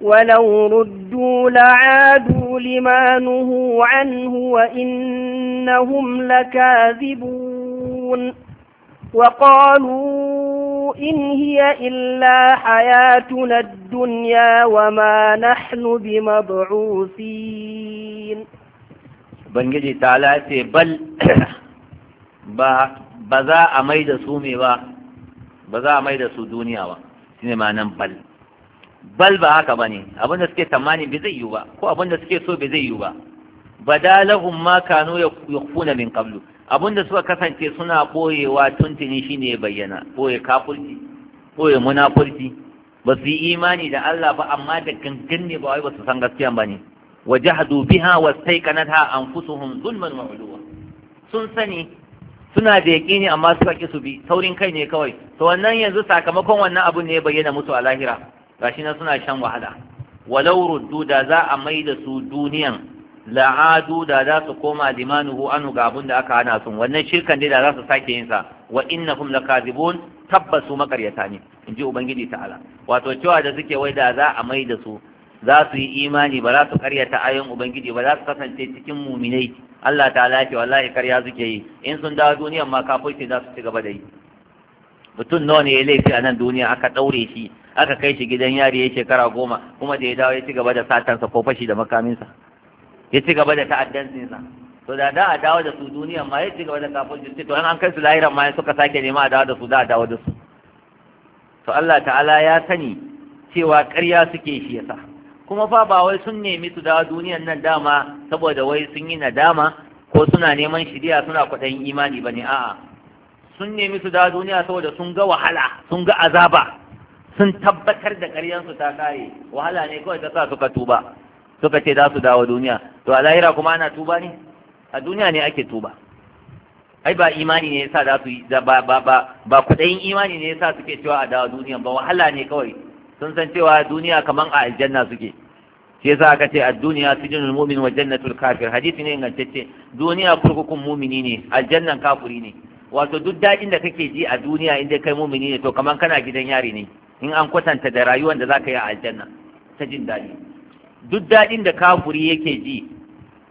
ولو ردوا لعادوا لما نهوا عنه وإنهم لكاذبون وقالوا إن هي إلا حياتنا الدنيا وما نحن بمبعوثين بنجي تعالى بل ba za a mai da su me ba ba za a mai da su duniya ba shi ne bal bal ba haka ba ne abinda suke tamani bai zai yiwu ba ko abinda suke so bai zai yiwu ba badalahum ma kanu yakfuna min qablu da suka kasance suna boyewa tuntuni shine bayyana boye kafirci boye munafurci ba su yi imani da Allah ba amma da gangan ne ba wai ba su san gaskiya ba ne wa jahadu biha wa staiqanatha anfusuhum zulman wa uluwa sun sani suna da yaƙini amma suka ki su bi saurin kai ne kawai to wannan yanzu sakamakon wannan abu ne bayyana musu a lahira gashi nan suna shan wahala walau rudu da za a mai da su duniyan la'adu da za su koma limanuhu anu ga abun da aka hana sun, wannan shirkan dai da za su sake yin sa wa innahum lakazibun tabbasu makaryata ne inji ubangiji ta'ala wato cewa da suke wai da za a mai da su za su yi imani ba za su karyata ayoyin ubangiji ba za su kasance cikin muminai Allah ta'ala ya ce wallahi karya suke yi in sun dawo duniyar ma kafirci za su ci gaba da yi mutum nawa ne ya laifi a nan duniya aka daure shi aka kai shi gidan yari ya shekara goma kuma da ya dawo ya ci gaba da satansa ko fashi da makaminsa ya ci gaba da ta'addancinsa to da da a dawo da su duniya ma ya ci gaba da kafirci to in an kai su lahiran ma suka sake nema a dawo da su za a dawo da su to Allah ta'ala ya sani cewa ƙarya suke shi yasa kuma fa ba wai sun nemi su dawo duniyan nan dama saboda wai sun yi nadama ko suna neman shiriya suna kwaɗayin imani ba ne? a'a sun nemi su dawo duniya saboda sun ga wahala sun ga azaba sun tabbatar da ƙaryansu ta kare wahala ne kawai ta sa suka tuba suka ce za su dawo duniya to a lahira kuma ana tuba ne a duniya ne ake tuba ai ba imani ne yasa za su yi ba ba ba ba kudayin imani ne yasa suke cewa a dawo duniya ba wahala ne kawai sun san cewa duniya kaman a aljanna suke shi yasa aka ce ad-dunya sijnul mu'min wa jannatul kafir hadisi ne ingantacce duniya kurkukun mumini ne aljannan kafuri ne wato duk daɗin da kake ji a duniya inda kai mumini ne to kaman kana gidan yari ne in an kwatanta da rayuwar da zaka yi a aljanna ta jin daɗi duk daɗin da kafuri yake ji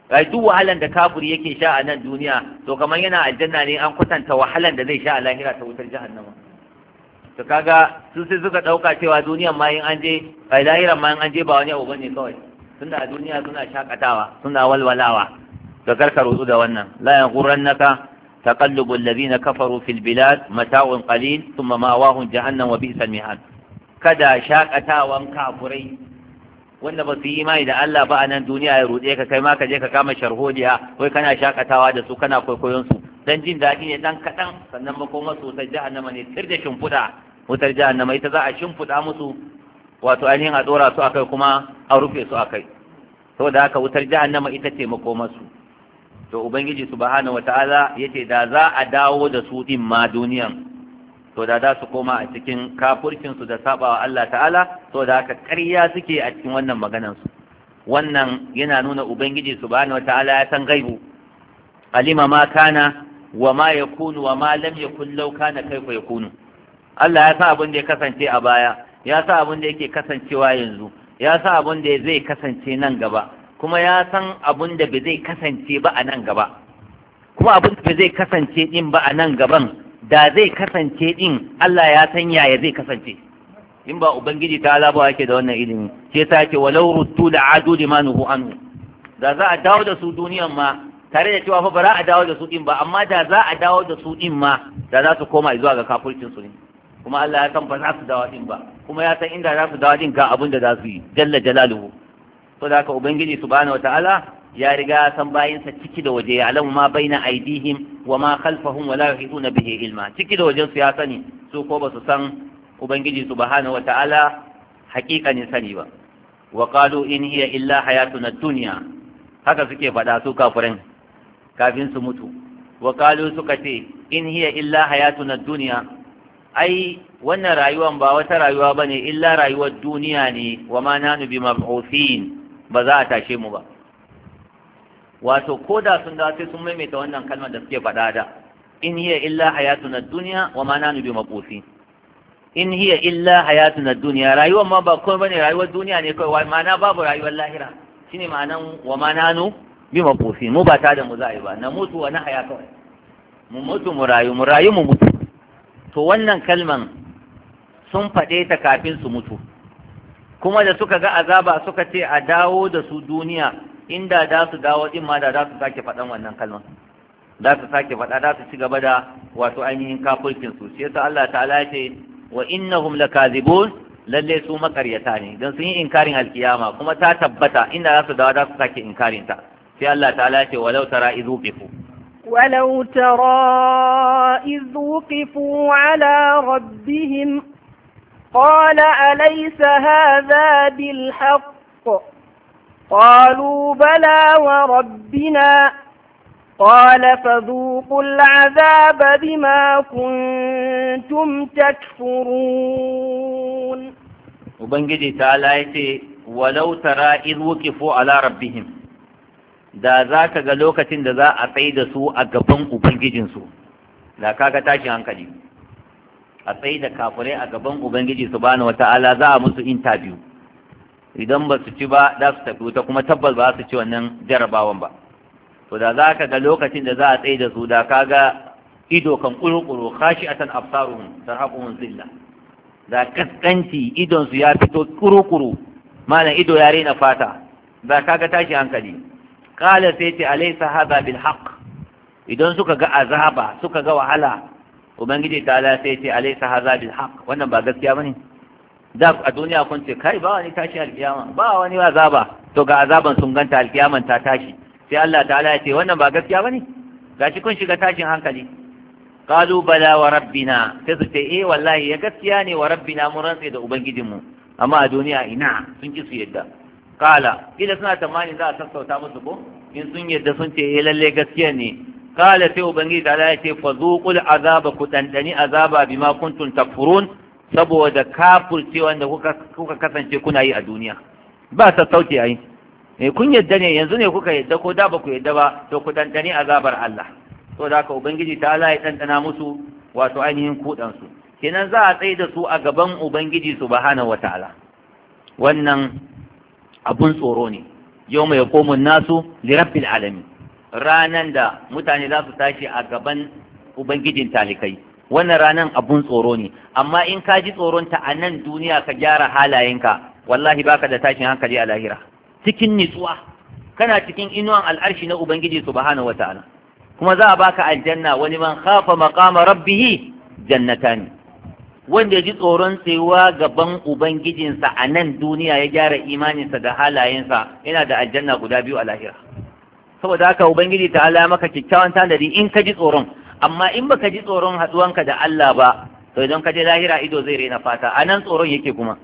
ai duk wahalan da kafuri yake sha a nan duniya to kamar yana aljanna ne an kwatanta wahalan da zai sha a lahira ta wutar jahannama to kaga su sai suka ɗauka cewa duniyan ma in an je ai lahiran ma in an je ba wani abu bane kawai tunda a duniya suna shakatawa suna walwalawa ga karka rutsu da wannan la yanqurannaka تقلب الذين كفروا في البلاد متاع قليل ثم مأواهم جهنم وبئس المهاد kada shakatawan kafurai wanda ba su yi imani da Allah ba a nan duniya ya ruɗe ka kai ma ka je ka kama sharhodiya wai kana shakatawa da su kana kwaikwayon su dan jin daɗi ne dan kaɗan sannan ba kuma su ta jahannama ne tir da shimfuɗa wutar jahannama ita za a shimfuɗa musu wato ainihin a ɗora su akai kuma a rufe su akai saboda haka wutar jihar jahannama ita ce makomarsu to ubangiji subhanahu wataala yace da za a dawo da su din ma duniyan to da za su koma a cikin kafurkinsu da wa Allah ta'ala to da haka ƙarya suke a cikin wannan maganansu wannan yana nuna ubangiji subhanahu wata'ala ya san gaibu alima ma kana wa ma yakunu wa ma lam yakun law kana kaifa yakunu Allah ya sa abin da ya kasance a baya ya sa abin da yake kasancewa yanzu ya sa abin da zai kasance nan gaba kuma ya san abin da ba zai kasance ba a nan gaba kuma abin da ba zai kasance din ba a nan gaban da zai kasance din Allah ya san yaya zai kasance in ba ubangiji ta alaba yake da wannan ilimi ce ta ce walau ruttu da adu nuhu anhu da za a dawo da su duniyan ma tare da cewa fa ba za a dawo da su din ba amma da za a dawo da su din ma da za su koma zuwa ga kafircin su ne kuma Allah ya san ba za su dawo din ba kuma ya san inda za su dawo din ga abin da za su yi jalla jalaluhu to da haka ubangiji subhanahu wataala ya riga san bayansa ciki da waje ya alamu ma bai na aidihim wa ma khalfahum wa la yuhituna bihi ilma ciki da wajen su ya sani su ko ba su san ubangiji subhanahu wataala haƙiƙanin sani ba wa qalu in hiya illa hayatuna dunya haka suke faɗa su kafirin kafin su mutu wa qalu suka ce in hiya illa hayatuna dunya ai wannan rayuwan ba wata rayuwa bane illa rayuwar duniya ne wa ma nanu bi mab'uthin ba za a tashe mu ba wato ko da sun ga sai sun maimaita wannan kalmar da suke faɗa da in hiya illa hayatuna dunya wa ma nanu bi maqusi in hiya illa hayatuna dunya rayuwar ma ba komai bane rayuwar duniya ne kai? kawai ma'ana babu rayuwar lahira shine ma'anan wa ma nanu bi maqusi mu ba ta da mu za'i ba na mutu wa na haya kawai mu mutu mu rayu mu rayu mu mutu to wannan kalman sun faɗe ta kafin su mutu kuma da suka ga azaba suka ce a dawo da su duniya inda za su dawo din ma da za su sake faɗan wannan kalmar za su sake faɗa za su ci gaba da wato ainihin kafircin su shi yasa Allah ta'ala ya ce wa innahum lakazibun lalle su makaryata ne don sun yi inkarin alkiyama kuma ta tabbata inda za su dawo za su sake inkarin ta sai Allah ta'ala ya ce walau tara izu bifu ولو ترى ala rabbihim. على ربهم قال أليس هذا بالحق قالوا بلى وربنا قال فذوقوا العذاب بما كنتم تكفرون وبنجي تعالى يتي ولو ترى إذ وقفوا على ربهم da za ka ga lokacin da za a tsaye da su a gaban Ubangijinsu, da kaga tashi hankali, a tsaye da kafirai a gaban Ubangiji su bani wata'ala za a musu intabiyu. idan ba su ci ba za su tafi wuta kuma tabbas ba su ci wannan jarabawan ba to da za ka ga lokacin da za a tsaye da su da ka ga ido kan ƙuruƙuru kashi a atan absaruhum tarhaquhum zilla da kaskanci idonsu ya fito ƙuruƙuru malam ido ya rena fata da ka ga tashi hankali qala sai ce alaysa haza bil haqq idan suka ga azaba suka ga wahala ubangiji ta sai ce alaysa haza bil haqq wannan ba gaskiya bane da a duniya kun ce kai ba wani tashi alkiyama ba wani azaba to ga azaban sun ganta alkiyaman ta tashi sai Allah ta'ala ya ce wannan ba gaskiya bane gashi kun shiga tashin hankali qalu bala wa rabbina sai su ce eh wallahi ya gaskiya ne wa rabbina mun rantsa da ubangijinmu amma a duniya ina sun ki su yadda kala kila suna tamani za a sassauta musu ko in sun yadda sun ce eh lalle gaskiya ne kala sai ubangiji ta'ala ya ce fa zuqul azaba ku dandani azaba bima kuntum takfurun saboda kafurce wanda kuka kasance kuna yi a duniya ba sassauci a yi me eh, kun yadda ne yanzu ne kuka yadda ko da ba ku yadda ba to ku dandani azabar Allah to da haka ubangiji ta Allah ya dandana musu wato ainihin kudan su kenan za a tsaye da su a gaban ubangiji subhanahu wataala wannan abun tsoro ne yau mai komun nasu li rabbil alamin ranan da mutane za su tashi a gaban ubangijin talikai wannan ranan abun tsoro ne amma in ka ji tsoronta a nan duniya ka gyara halayenka wallahi baka da tashin hankali a lahira cikin nitsuwa kana cikin inuwan al'arshi na ubangiji subhanahu wataala kuma za a baka aljanna wani man khafa maqama rabbih jannatani wanda ji tsoron tsayuwa gaban ubangijinsa a nan duniya ya gyara imaninsa da halayensa yana da aljanna guda biyu a lahira saboda haka ubangiji ta maka kyakkyawan tanadi in ka ji tsoron amma in baka ji tsoron haɗuwanka da Allah ba to idan ka je lahira ido zai rena fata anan tsoron yake kuma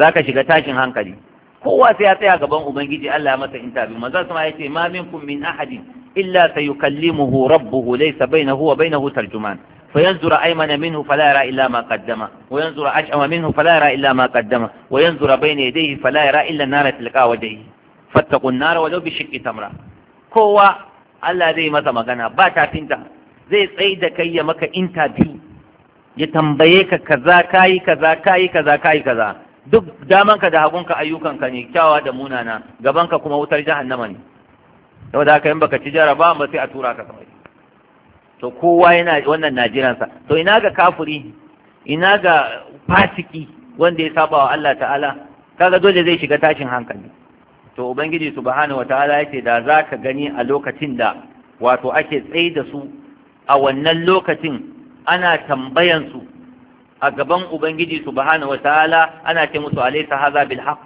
zaka shiga tashin hankali kowa sai ya tsaya gaban ubangiji Allah ya masa interview manzo sama yace ma minkum min ahadin illa sayukallimuhu rabbuhu laysa bainahu wa bainahu tarjuman فينظر أيمن منه فلا يرى إلا ما قدم وينظر أشأم منه فلا يرى إلا ما قدم وينظر بين يديه فلا يرى إلا النار تلقى وجهه فاتقوا النار ولو بشق تمرة كوا Allah zai masa magana ba ta finta zai tsaye da kai ya maka interview ya tambaye ka kaza kayi kaza kayi kaza kayi kaza duk damanka da hagunka ka ne kyawawa da munana gabanka kuma wutar jahannama ne Da haka in baka ci jaraba ba sai a tura ka kamar to kowa yana wannan sa to ina ga kafuri ina ga fasiki wanda ya saba wa Allah ta'ala kaga dole zai shiga tashin hankali to ubangiji subhanahu wataala yace da zaka gani a lokacin da wato ake tsaye da su a wannan lokacin ana tambayansu a gaban ubangiji subhanahu ta’ala ana ce musu alaysa haza bil haq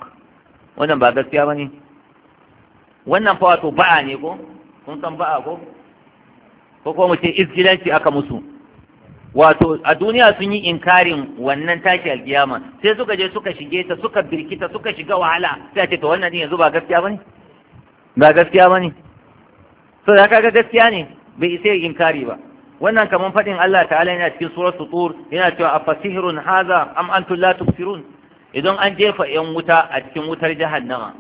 wannan ba gaskiya ba ne? wannan fa wato ba'a ne ko kun san ba'a ko ko kuma ce izgilanci aka musu wato a duniya sun yi inkarin wannan tashi alkiyama sai suka je suka shige ta suka birkita suka shiga wahala sai a ce to wannan yanzu ba gaskiya ba ne? ba gaskiya ba ne? so da kaga gaskiya ne bai isa inkari ba wannan kaman faɗin Allah ta'ala yana cikin surar tur yana cewa afasihrun haza, am antum la tubsirun idan an jefa yan wuta a cikin wutar jahannama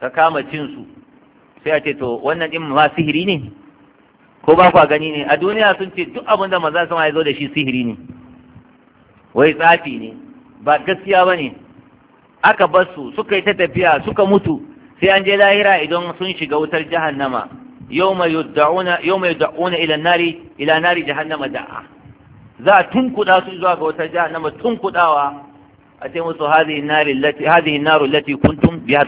ka kama cin su sai a ce to wannan din ma sihiri ne ko ba kwa gani ne a duniya sun ce duk abin da maza sama ya zo da shi sihiri ne wai tsafi ne ba gaskiya ba ne aka bar su suka yi ta tafiya suka mutu sai an je lahira idan sun shiga wutar jahannama yawma yud'una yawma yud'una jahannama da'a za tunkuda su zuwa ga wata jahannama tunkudawa a ce musu hadhihi nari allati hadhihi naru allati kuntum biha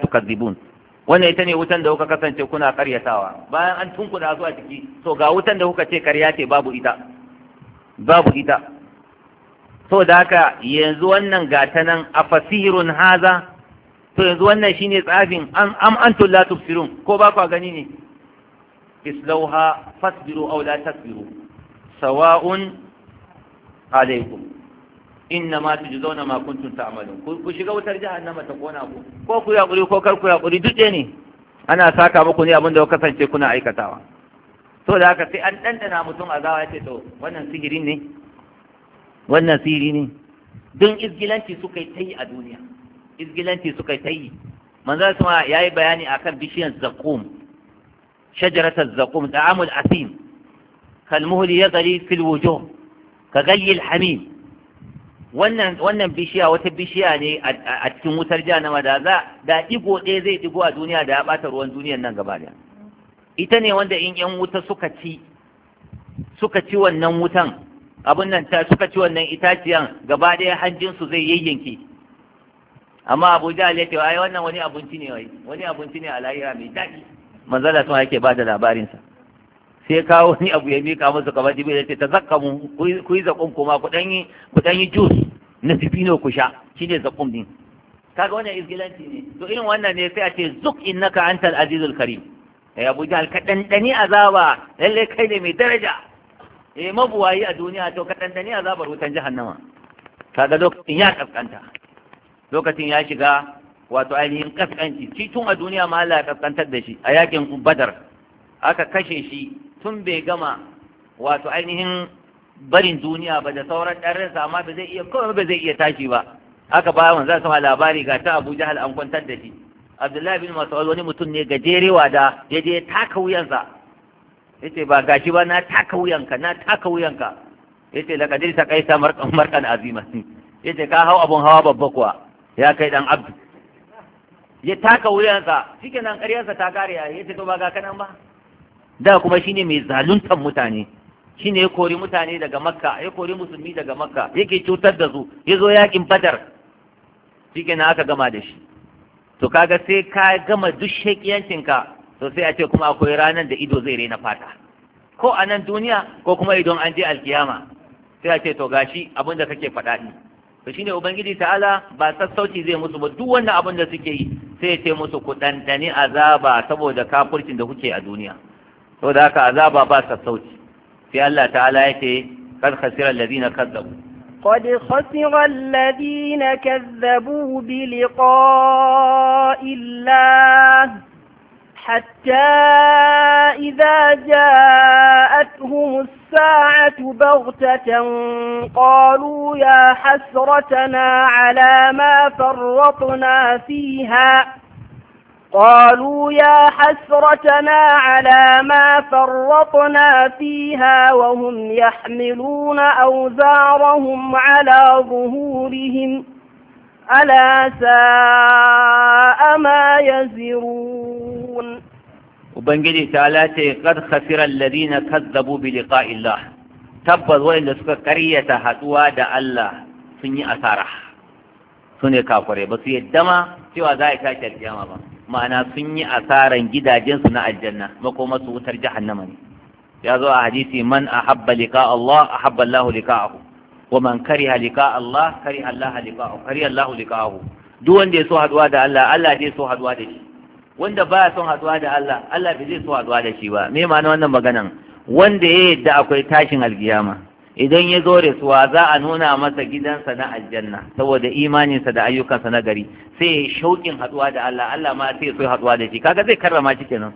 wannan ita ne wutan da kuka kasance kuna karyatawa bayan an tunkuda su a ciki to ga wutan da kuka ce ce babu ita babu ita da haka yanzu wannan gatanan a fasirun haza to yanzu wannan shine tsafin am antum la tubsirun ko ba ku gani ne islauha fasbiru aw la tasbiru sawa'un alaikum inna ma tujzauna ma kuntum ta'malun ku shiga wutar jahannama ta kona ku ko ku yaƙuri ko kar ku yaƙuri duk ne ana saka muku ne abin da ku kasance kuna aikatawa to da haka sai an dandana mutum azawa ya ce to wannan sihiri ne wannan sihiri ne don izgilanci suka yi tayi a duniya izgilanci suka yi tayi manzo sama yayi bayani akan bishiyar zakum شجرة الزقوم طعام الأثيم كالمهل يغلي في الوجوه كغلي الحميم wannan wannan bishiya wata bishiya ne a cikin wutar jahannama da za da digo ɗaya zai digo a duniya da ya ɓata ruwan duniyar nan gaba da ita ne wanda in yan wuta suka ci suka ci wannan wutan abin nan ta suka ci wannan itaciyan gaba ɗaya hanjin su zai yayyanke amma Abu Jahl ya ce ai wannan wani abinci ne wai wani abinci ne a lahira mai daɗi manzala sun yake ba da labarinsa sai kawo ni abu ya mika musu kamar jibril ya ce ta mu ku yi zakkum kuma ku dan yi jus na sifino ku sha ne zakkum din kaga wannan izgilanci ne to irin wannan ne sai a ce zuk innaka antal azizul karim eh abu jahal ka dandani azaba lalle kai ne mai daraja eh mabuwayi a duniya to ka dandani azabar wutan jahannama kaga lokacin ya kaskanta lokacin ya shiga wato ainihin kaskanci shi tun a duniya ma Allah ya kaskantar da shi a yakin badar aka kashe shi tun bai gama wato ainihin barin duniya ba da sauran ɗarinsa amma ba zai iya kawai ba zai iya tashi ba aka ba wanzu sama labari ga ta Abuja Jahal an kwantar da shi Abdullahi bin Mas'ud wani mutum ne gajerewa da ya je taka wuyansa Ya ce ba gashi ba na taka wuyanka na taka wuyanka yace laqad irsa qaisa markan markan azima ce ka hau abun hawa babba kuwa ya kai dan abdu ya taka wuyansa nan ƙaryarsa ta kare ya ce to ba ga kanan ba da kuma shine mai zaluntan mutane shine ya kori mutane daga makka ya kori musulmi daga makka yake cutar da su ya zo yakin badar nan aka gama da shi to kaga sai ka gama duk shekiyancinka to sai a ce kuma akwai ranar da ido zai rena fata ko a nan duniya ko kuma idan an je alkiyama sai a ce to gashi abin da kake faɗa ne to shine ubangiji ta'ala ba sassauci zai musu ba duk wannan abin da suke yi sai ce musu ku ɗanɗani azaba saboda kafircin da kuke a duniya saboda haka azaba ba sa sauki sai Allah ta'ala ya ce kad khasira alladhina kadzabu qad khasira alladhina kadzabu bi liqa'i Allah حتى إذا جاءتهم الساعة الساعة بغتة قالوا يا حسرتنا على ما فرطنا فيها قالوا يا حسرتنا على ما فرطنا فيها وهم يحملون أوزارهم على ظهورهم ألا ساء ما يزرون ubangiji ta lace kad khasiran ladina kazzabu bi liqa'illah tabbas wanda suka karyata haduwa da Allah sun yi asara su ne kafure ba su yadda ma cewa za a tashi alkiyama ba ma'ana sun yi asaran gidajensu na aljanna makoma su wutar jahannama ne ya zo a hadisi man ahabba liqa Allah ahabba Allah liqa'ahu wa man kariha liqa Allah kariha Allah liqa'ahu kariha Allah liqa'ahu duk wanda ya so haduwa da Allah Allah zai so haduwa da shi wanda baya son haduwa da Allah Allah bai zai so haduwa da shi ba me ma'ana wannan maganan wanda ya yadda akwai tashin alkiyama idan ya zo rasuwa za a nuna masa gidansa na aljanna saboda imaninsa da ayyukansa na gari sai ya shauƙin haduwa da Allah Allah ma sai ya so haduwa da shi kaga zai karrama shi kenan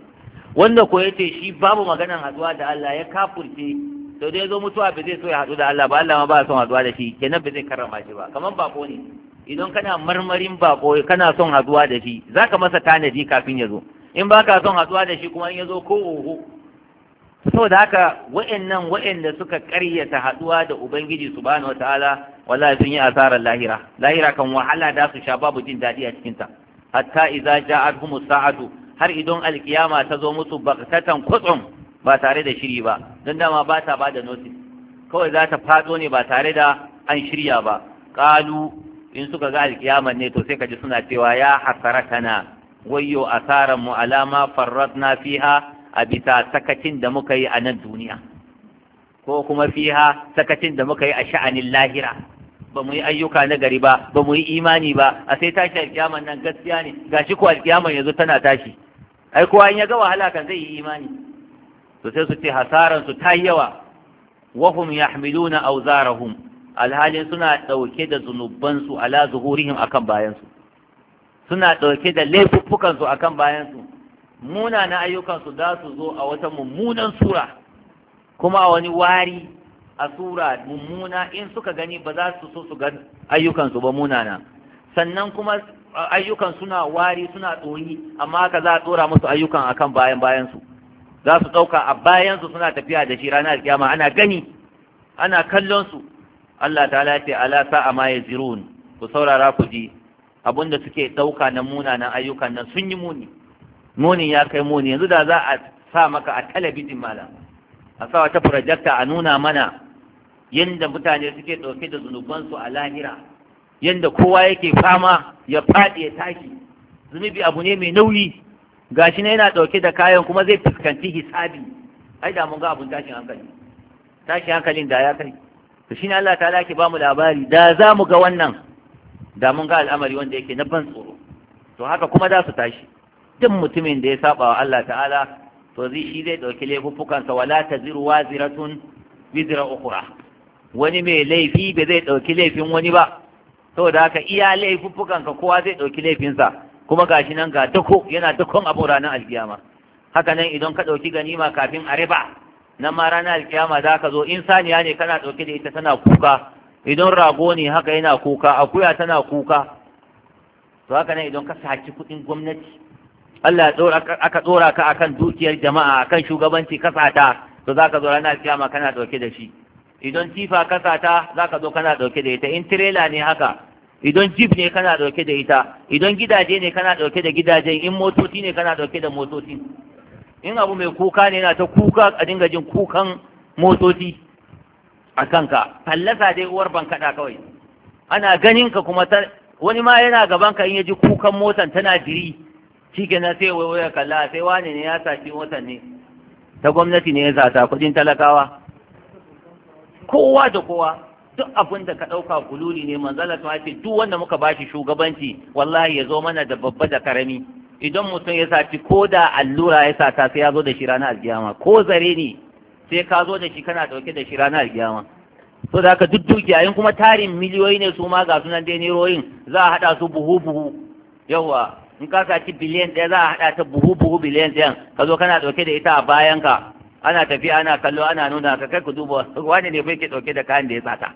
wanda ko ce shi babu maganan haduwa da Allah ya kafurce to dai zo mutuwa ba zai so ya haɗu da Allah ba Allah ma ba son haɗuwa da shi kenan ba zai karrama shi ba kaman bako ne idan kana marmarin bako kana son haɗuwa da shi zaka masa tanadi kafin ya zo in ba ka son haɗuwa da shi kuma in ya zo ko oho da haka wa'annan wa'anda suka karyata haɗuwa da ubangiji subhanahu wataala wallahi sun yi asarar lahira lahira kan wahala da su sha babu jin daɗi a cikinta hatta idza ja'atuhum sa'atu har idan alkiyama ta zo musu baktatan kutsum ba tare da shiri ba don dama ba ta ba da notice kawai za ta fado ne ba tare da an shirya ba ƙalu in suka ga alkiyamar ne to sai ka ji suna cewa ya hasaratana wayyo asaran mu alama farratna fiha a bisa sakacin da muka yi a nan duniya ko kuma fiha sakacin da muka yi a sha'anin lahira ba mu yi ayyuka na gari ba ba mu yi imani ba a sai tashi alkiyaman nan gaskiya ne gashi ko alkiyaman yanzu tana tashi ai kowa in ya ga wahala kan zai yi imani to sai su ce hasaran su ta yawa wahum yahmiluna awzarahum alhalin suna dauke da zunuban su ala zuhurihim akan bayan su suna dauke da laifuffukan su akan bayan su munana ayyukan su za su zo a wata mummunan sura kuma a wani wari a sura mummuna in suka gani ba za su so su ga ayyukan su ba munana sannan kuma ayyukan suna wari suna tsoyi amma ka za a tsora musu ayyukan akan bayan bayan su za su ɗauka a bayansu suna tafiya da shi ranar kiyama ana gani ana kallon su Allah ta'ala ce ala sa'a ma zirun ku saurara ku ji da suke ɗauka na munanan ayyukan nan sun yi muni munin ya kai muni yanzu da za a sa maka a talabijin malam a sa wata projector a nuna mana yadda mutane suke ɗauke da zunubansu a lahira yadda kowa yake fama ya faɗi ya tashi zunubi abu ne mai nauyi gashi ne yana ɗauke da kayan kuma zai fuskanci hisabi ai da mun ga abun tashin hankali tashin hankalin da ya kai to shine Allah ta laki ba mu labari da za mu ga wannan da mun ga al'amari wanda yake na ban tsoro to haka kuma za su tashi duk mutumin da ya saba wa Allah ta'ala to zai shi zai ɗauki laifuffukansa wala taziru waziratun wizra ukhra wani mai laifi ba zai ɗauki laifin wani ba saboda haka iya laifuffukanka kowa zai ɗauki laifinsa kuma gashi nan ga dako yana dakon abu ranar alkiyama haka nan idan ka ɗauki ganima kafin a riba nan ma ranar alkiyama za ka zo in saniya ne kana ɗauke da ita tana kuka idan rago ne haka yana kuka akuya tana kuka to haka nan idan ka saci kuɗin gwamnati Allah ya aka tsora ka akan dukiyar jama'a akan shugabanci kasata to za ka zo ranar alkiyama kana ɗauke da shi idan tifa kasata za ka zo kana ɗauke da ita in tirela ne haka idan jeep ne kana dauke da ita idan gidaje ne kana dauke da gidajen in motoci ne kana dauke da motoci in abu mai kuka ne yana ta kuka a dinga jin kukan motoci a kanka fallasa dai uwar ban kawai ana ganin ka kuma ta wani ma yana gaban ka in ya ji kukan motan tana jiri shi ke na sai waya kalla sai wane ne ya saki motan ne ta gwamnati ne ya zata kudin talakawa kowa da kowa duk abin da ka ɗauka kululi ne manzala ta ce duk wanda muka bashi shugabanci wallahi ya zo mana da babba da karami idan mutum ya saci ko da allura ya ta sai ya zo da shi ranar alkiyama ko zare ne sai ka zo da shi kana ɗauke da shi ranar alkiyama so da haka duk dukiya in kuma tarin miliyoyi ne su ma ga sunan dai neroyin za a haɗa su buhu buhu yawa in ka saci biliyan ɗaya za a haɗa ta buhu buhu biliyan ɗayan ka zo kana ɗauke da ita a bayan ka. ana tafiya ana kallo ana nuna ka kai ku duba wani ne fa dauke da kayan da ya tsata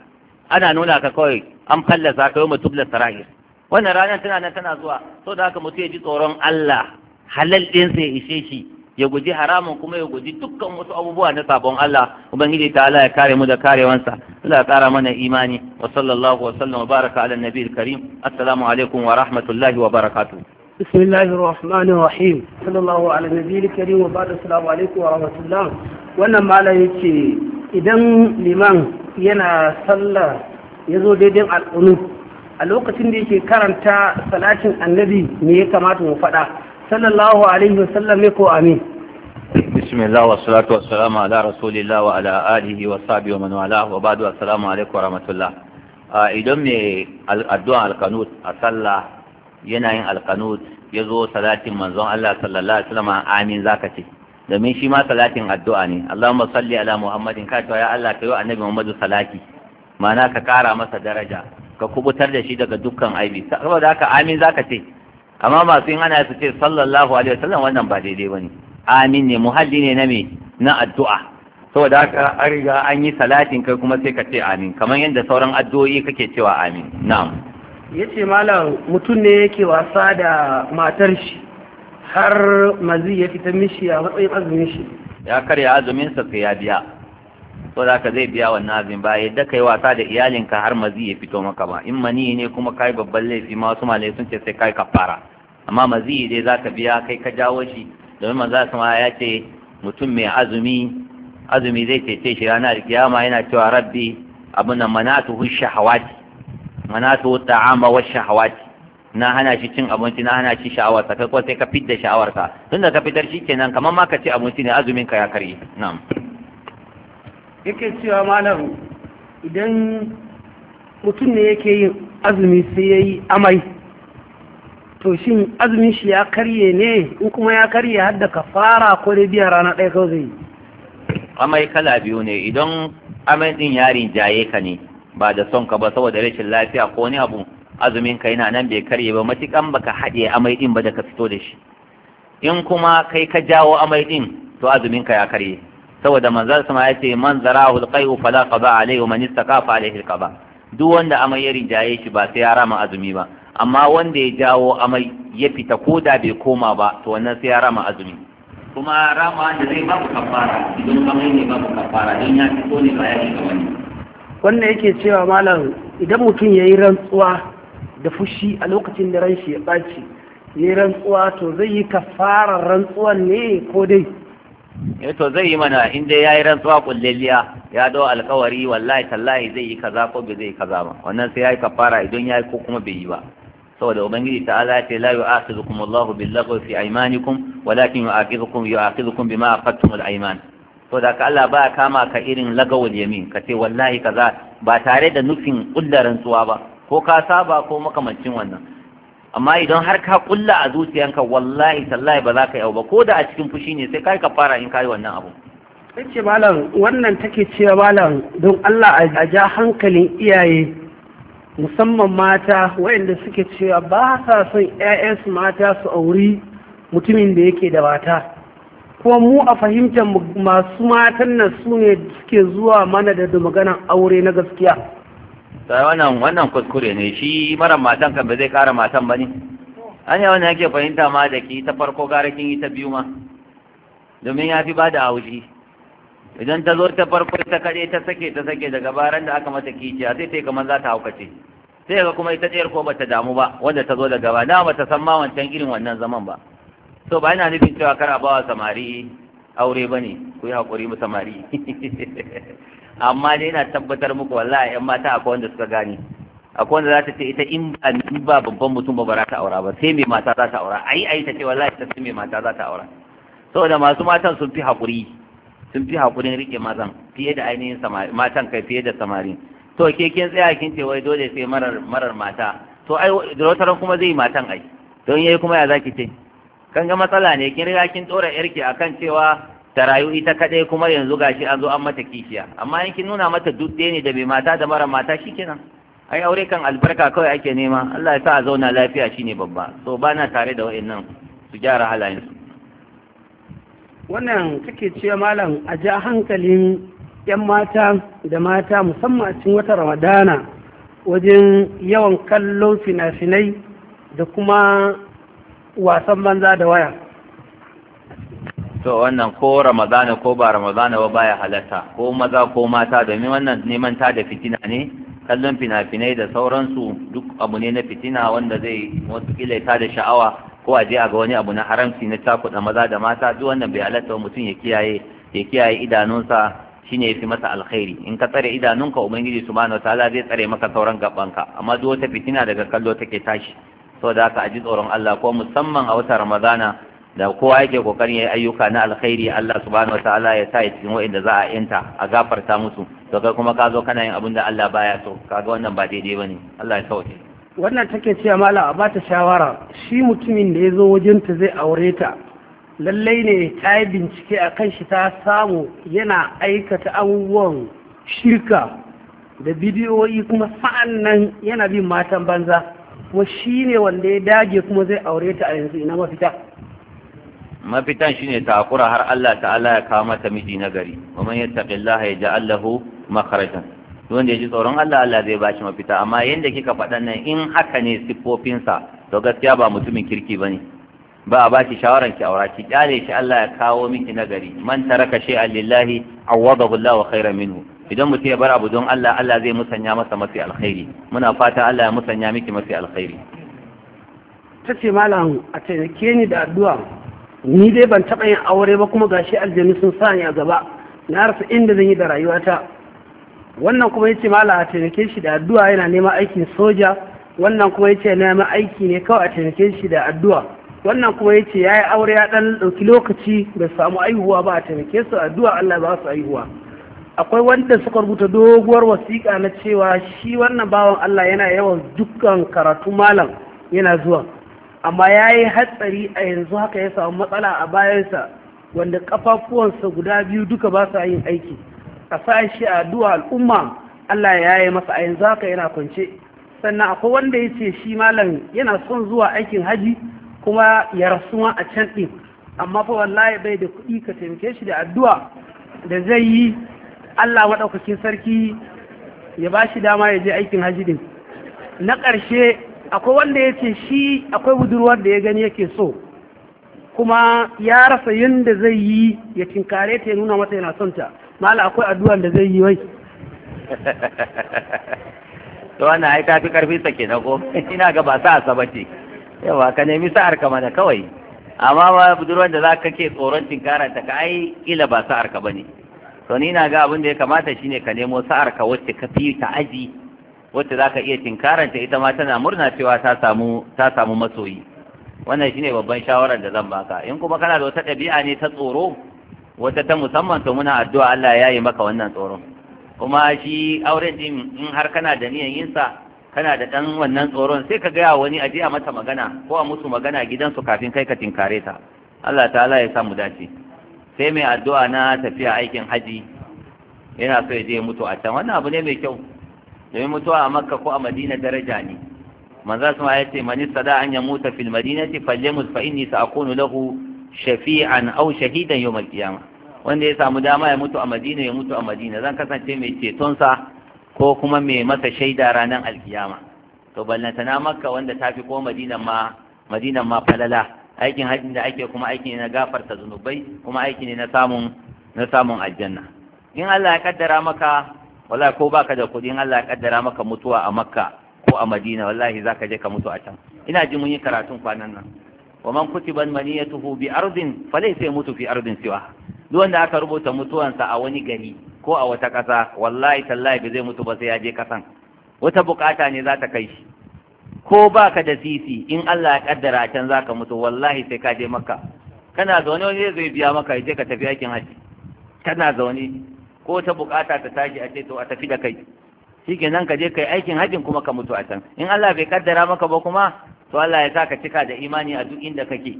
ana nuna ka kawai an fallasa ka yau mutum sarahir wannan ranar tana nan tana zuwa so da haka mutum ya ji tsoron Allah halal ɗinsa ya ishe shi ya guji haramun kuma ya guji dukkan wasu abubuwa na sabon Allah ubangiji ta Allah ya kare mu da karewansa Allah ya kara mana imani wa sallallahu wa sallam wa baraka ala nabiyil karim assalamu alaikum wa rahmatullahi wa barakatuh بسم الله الرحمن الرحيم صلى الله على النبي الكريم وبعد السلام عليكم ورحمة الله wannan mala yake idan liman yana sallah ya zo daidai al'unu da yake karanta salatin annabi me ya kamata mu faɗa sallallahu alaihi wasallam ne ko a sallah yana yin ya zo salatin manzon Allah sallallahu alaihi wasallam amin za ka ce domin shi ma salatin addu'a ne Allahumma salli ala Muhammadin ka ya Allah ka yi annabi Muhammadu salati ma'ana ka kara masa daraja ka kubutar da shi daga dukkan aibi saboda haka amin za ka ce amma masu yin ana su ce sallallahu alaihi wasallam wannan ba daidai ba ne. amin ne muhalli ne na me na addu'a saboda haka an riga an yi salatin kai kuma sai ka ce amin kamar yadda sauran addu'o'i kake cewa amin na'am ya ce malam mutum ne yake wasa da matar shi har mazi ya fita mishi a matsayin azumin shi ya karya azuminsa sai ya biya so da ka zai biya wannan azumin ba yadda ka wasa da iyalinka har mazi ya fito maka ba in mani ne kuma kai babban laifi ma wasu malai sun ce sai kai kafara amma mazi dai za ka biya kai ka jawo shi domin manzo sama ya ce mutum mai azumi azumi zai cece shi ranar kiyama yana cewa rabbi abun nan manatuhu shahawati mana to ta'ama wa shahawati na hana shi cin abinci na hana shi sha'awar sa kai ko sai ka fitar sha'awar sa tunda ka fitar shi kenan kamar ma ka ci abinci ne azumin ka ya karye na'am yake cewa malam idan mutum ne yake yin azumi sai yayi amai to shin azumin shi ya karye ne in kuma ya karye har da kafara ko dai biya rana ɗaya kawai zai amai kala biyu ne idan amai din yarin jaye ka ne ba da son ka ba saboda rashin lafiya ko wani abu azumin ka yana nan bai karye ba matukan baka haɗe amai din ba da ka fito da shi in kuma kai ka jawo amai din to azumin ka ya karye saboda manzal sama ya ce man zarahu alqai'u fala qada alayhi wa man istaqafa alayhi alqaba duk wanda amai ya rinjaye shi ba sai ya rama azumi ba amma wanda ya jawo amai ya fita ko da bai koma ba to wannan sai ya rama azumi kuma rama da zai babu kafara idan amai ne babu kafara don ya fito ne ba ya shiga wani wannan yake cewa malam idan mutum ya yi rantsuwa da fushi a lokacin da ranshi ya ɓaci ya yi rantsuwa to zai yi kafarar rantsuwan ne ko dai E, to zai yi mana inda dai ya yi rantsuwa kulleliya ya dau alkawari wallahi tallahi zai yi kaza ko bai zai yi kaza ba wannan sai ya yi kafara idan ya yi ko kuma bai yi ba saboda ubangiji ta ala ce la yu'akhidhukum Allahu bil-laghwi fi aymanikum walakin yu'akhidhukum yu'akhidhukum bima aqadtum al-ayman to da ka Allah ba kama ka irin lagawul yamin ka ce wallahi kaza ba tare da nufin kulla rantsuwa ba ko ka saba ko makamancin wannan amma idan har ka kulla a zuciyanka wallahi sallahi ba za ka yau ba ko da a cikin fushi ne sai kai ka fara in kai wannan abu ce malam wannan take cewa malam don Allah a ja hankalin iyaye musamman mata waɗanda suke cewa ba sa son 'ya'yansu mata su auri mutumin da yake da mata kuma mu a fahimtar masu matan nan su ne suke zuwa mana da maganan aure na gaskiya wannan wannan kuskure ne shi mara matan kan ba zai kara matan ba ne an yi wannan yake fahimta ma da ki ta farko gara kin yi ta biyu ma domin ya fi ba da haushi idan ta zo ta farko ta kare ta sake ta sake daga baran da aka mata kiciya sai ta yi kamar za ta haukace sai ga kuma ita ɗayar ko bata damu ba wanda ta zo daga ba na bata san ma wancan irin wannan zaman ba so ba ina nufin cewa kana ba wa samari aure ba ne ku yi haƙuri mu samari amma dai yana tabbatar muku wallahi yan mata akwai wanda suka gane akwai wanda za ta ce ita in ba babban mutum ba ba za ta aura ba sai mai mata za ta aura ayi ayi ta ce wallahi ta sai mai mata za ta aura saboda masu matan sun fi haƙuri sun fi haƙurin riƙe mazan fiye da ainihin matan kai fiye da samari to ke kin tsaya kin ce wai dole sai marar marar mata to ai da wataran kuma zai matan ai don yayi kuma ya zaki ce kan ga matsala ne kin riga kin tsora yarki akan cewa ta rayu ita kadai kuma yanzu gashi an zo an mata kishiya amma in kin nuna mata duk ne da bai mata da mara mata shikenan ai aure kan albarka kawai ake nema Allah ya sa a zauna lafiya shine babba so bana tare da wayannan su gyara halayen su. wannan kake cewa malam a ja hankalin 'yan mata da mata musamman a cikin wata ramadana wajen yawan kallon fina-finai da kuma wasan banza da waya to wannan ko ramadana ko ba ramadana ba baya halatta ko maza ko mata domin wannan neman ta da fitina ne kallon fina-finai da sauransu duk abu ne na fitina wanda zai watakila ta da sha'awa ko a je a ga wani abu na haramci na cakuɗa maza da mata duk wannan bai halatta wa mutum ya kiyaye ya kiyaye idanunsa shine fi masa alkhairi in ka tsare idanunka ubangiji subhanahu wataala zai tsare maka sauran gabanka amma duk wata fitina daga kallo take tashi so da aka ji tsoron Allah ko musamman a wata ramadana da kowa yake kokarin yayi ayyuka na alkhairi Allah subhanahu wataala ya sa ya cikin wa'inda za a yanta a gafarta musu to kai kuma ka zo kana yin abin da Allah baya so kaga wannan ba daidai bane Allah ya sauke wannan take cewa mala a bata shawara shi mutumin da ya zo ta zai aure ta lallai ne ta yi bincike a kan shi ta samu yana aikata abubuwan shirka da bidiyoyi kuma sa'an nan yana bin matan banza kuma shi ne wanda ya dage kuma zai aure ta a yanzu ina mafita mafitan shi ne takura har Allah ta'ala ya kawo mata miji na gari wa man yattaqillaha yaj'al lahu makarajan wanda ya ji tsoron Allah Allah zai ba shi mafita amma yadda kika faɗa nan in haka ne siffofinsa to gaskiya ba mutumin kirki ba ne. ba a bashi shawaran ki aura ki kyale shi Allah ya kawo miki nagari man taraka shay'an lillahi awadahu Allah wa khairan minhu idan mutum ya bar abu don Allah Allah zai musanya masa mafi alkhairi muna fata Allah ya musanya miki mafi alkhairi ta ce malam a taimake ni da addu'a ni dai ban taɓa yin aure ba kuma gashi aljanu sun sa ni a gaba na rasa inda zan yi da rayuwata wannan kuma yace malamu a taimake shi da addu'a yana neman aikin soja wannan kuma yace neman aiki ne kawai a taimake shi da addu'a wannan kuma yace yayi aure ya dan dauki lokaci bai samu aihuwa ba a taimake su addu'a Allah ba su aihuwa akwai wanda suka rubuta doguwar wasiƙa na cewa shi wannan bawan Allah yana yawan dukkan karatu malam yana zuwa amma ya yi hatsari a yanzu haka ya samu matsala a bayansa wanda kafafuwansa guda biyu duka ba sa yin aiki a sa shi a addu'a al'umma Allah ya yi masa a yanzu haka yana kwance sannan akwai wanda ya ce shi malam yana son zuwa aikin haji kuma ya rasu a can ɗin amma fa wallahi bai da kuɗi ka taimake shi da addu'a da zai yi Allah maɗaukakin sarki ya ba shi dama ya je aikin hajjidin. na ƙarshe akwai wanda ya ce shi akwai budurwar da ya gani yake so kuma ya rasa yadda zai yi ya tinkare ta ya nuna mata yana son ta mala akwai addu'an da zai yi wai to wannan ai fi karfi sake na ko ina ga ba sa asabati yawa ka nemi sa'ar ka mana kawai amma ba budurwar da za ka ke tsoron tinkara ta ka ai kila ba sa'ar ka bane to ni na ga abin da ya kamata shine ka nemo sa'ar ka wacce ka fi ta aji wacce zaka iya tinkaranta ita ma tana murna cewa ta samu masoyi wannan shine babban shawarar da zan baka in kuma kana da wata ɗabi'a ne ta tsoro wata ta musamman to muna addu'a Allah ya yi maka wannan tsoron kuma shi auren din in har kana da niyan yin sa kana da dan wannan tsoron sai ka gaya wani aje a mata magana ko a musu magana gidansu kafin kai ka tinkare ta Allah ta'ala ya samu dace sai mai addu'a na tafiya aikin haji yana so ya je mutu a can wannan abu ne mai kyau domin mutuwa a makka ko a madina daraja ne manzo sun ya ce man sada an ya muta fil madinati falyamut fa inni sa'kunu lahu shafi'an aw shahidan yawm al-qiyamah wanda ya samu dama ya mutu a madina ya mutu a madina zan kasance mai ceton sa ko kuma mai masa shaida ranar alkiyama to ballantana makka wanda ta fi ko madinan ma madinan ma falala aikin hajjin da ake kuma aiki ne na gafarta zunubai kuma aiki ne na samun na samun aljanna in Allah ya kaddara maka wallahi ko baka da kuɗi in Allah ya kaddara maka mutuwa a Makka ko a Madina wallahi zaka je ka mutu a can ina ji mun yi karatun kwanan nan wa man kutiba maniyatuhu bi ardin falaysa yamutu fi ardin siwa duk wanda aka rubuta mutuwansa a wani gari ko a wata ƙasa wallahi tallahi zai mutu ba sai ya je kasan wata bukata ne za ta kai shi ko ba ka da sisi in Allah ya kaddara can za ka mutu wallahi sai ka je makka kana zaune wani zai biya maka ya je ka tafi aikin haji kana zaune ko ta bukata ta tashi a ce to a tafi da kai nan ka je kai aikin hajjin kuma ka mutu a can in Allah bai kaddara maka ba kuma to Allah ya sa ka cika da imani a duk inda kake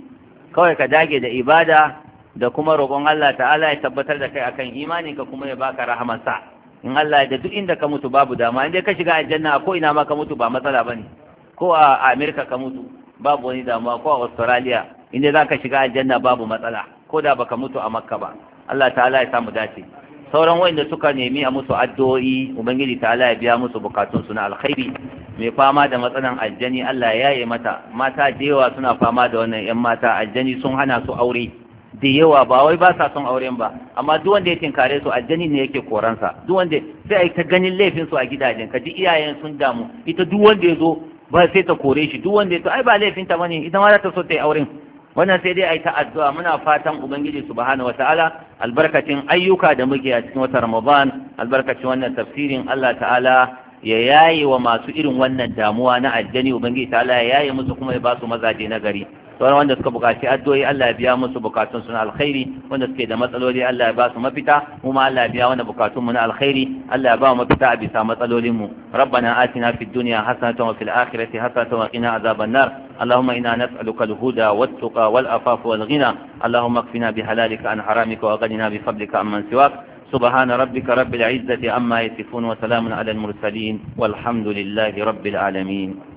kawai ka dage da ibada da kuma roƙon Allah ta'ala ya tabbatar da kai akan imani ka kuma ya baka rahamarsa in Allah ya da duk inda ka mutu babu dama in dai ka shiga aljanna ko ina ma ka mutu ba matsala bane ko a amerika ka mutu babu wani damuwa ko a australia inda za ka shiga aljanna babu matsala ko da baka mutu a makka ba allah ta'ala ya samu dace sauran wanda suka nemi a musu addu'o'i ubangiji ta'ala ya biya musu bukatunsu na alkhairi mai fama da matsalan aljani allah ya yi mata mata da yawa suna fama da wannan yan mata aljani sun hana su aure da yawa ba wai ba sa son auren ba amma duk wanda ya tinkare su aljani ne yake koransa duk wanda sai ai ta ganin laifin su a gidajen ka ji iyayen sun damu ita duk wanda ya zo ba sai ta kore shi duk wanda ya to ai ba laifin ta bane idan ma ta so ta yi auren wannan sai dai ayi ta addu'a muna fatan ubangiji subhanahu wataala albarkacin ayyuka da muke a cikin wata ramadan albarkacin wannan tafsirin Allah ta'ala ya yaye wa masu irin wannan damuwa na addini ubangiji ta'ala ya yaye musu kuma ya ba su mazaje na gari sauran wanda suka bukaci addu'o'i Allah ya biya musu bukatun suna alkhairi wanda suke da matsaloli Allah ya ba su mafita kuma Allah ya biya wanda bukatun mu na alkhairi Allah ya ba mu mafita a bisa matsalolin mu rabbana atina fid dunya hasanatan wa fil akhirati hasanatan wa qina azaban nar اللهم إنا نسألك الهدى والتقى والأفاف والغنى اللهم اكفنا بحلالك عن حرامك وغننا بفضلك عمن سواك سبحان ربك رب العزة عما يصفون وسلام على المرسلين والحمد لله رب العالمين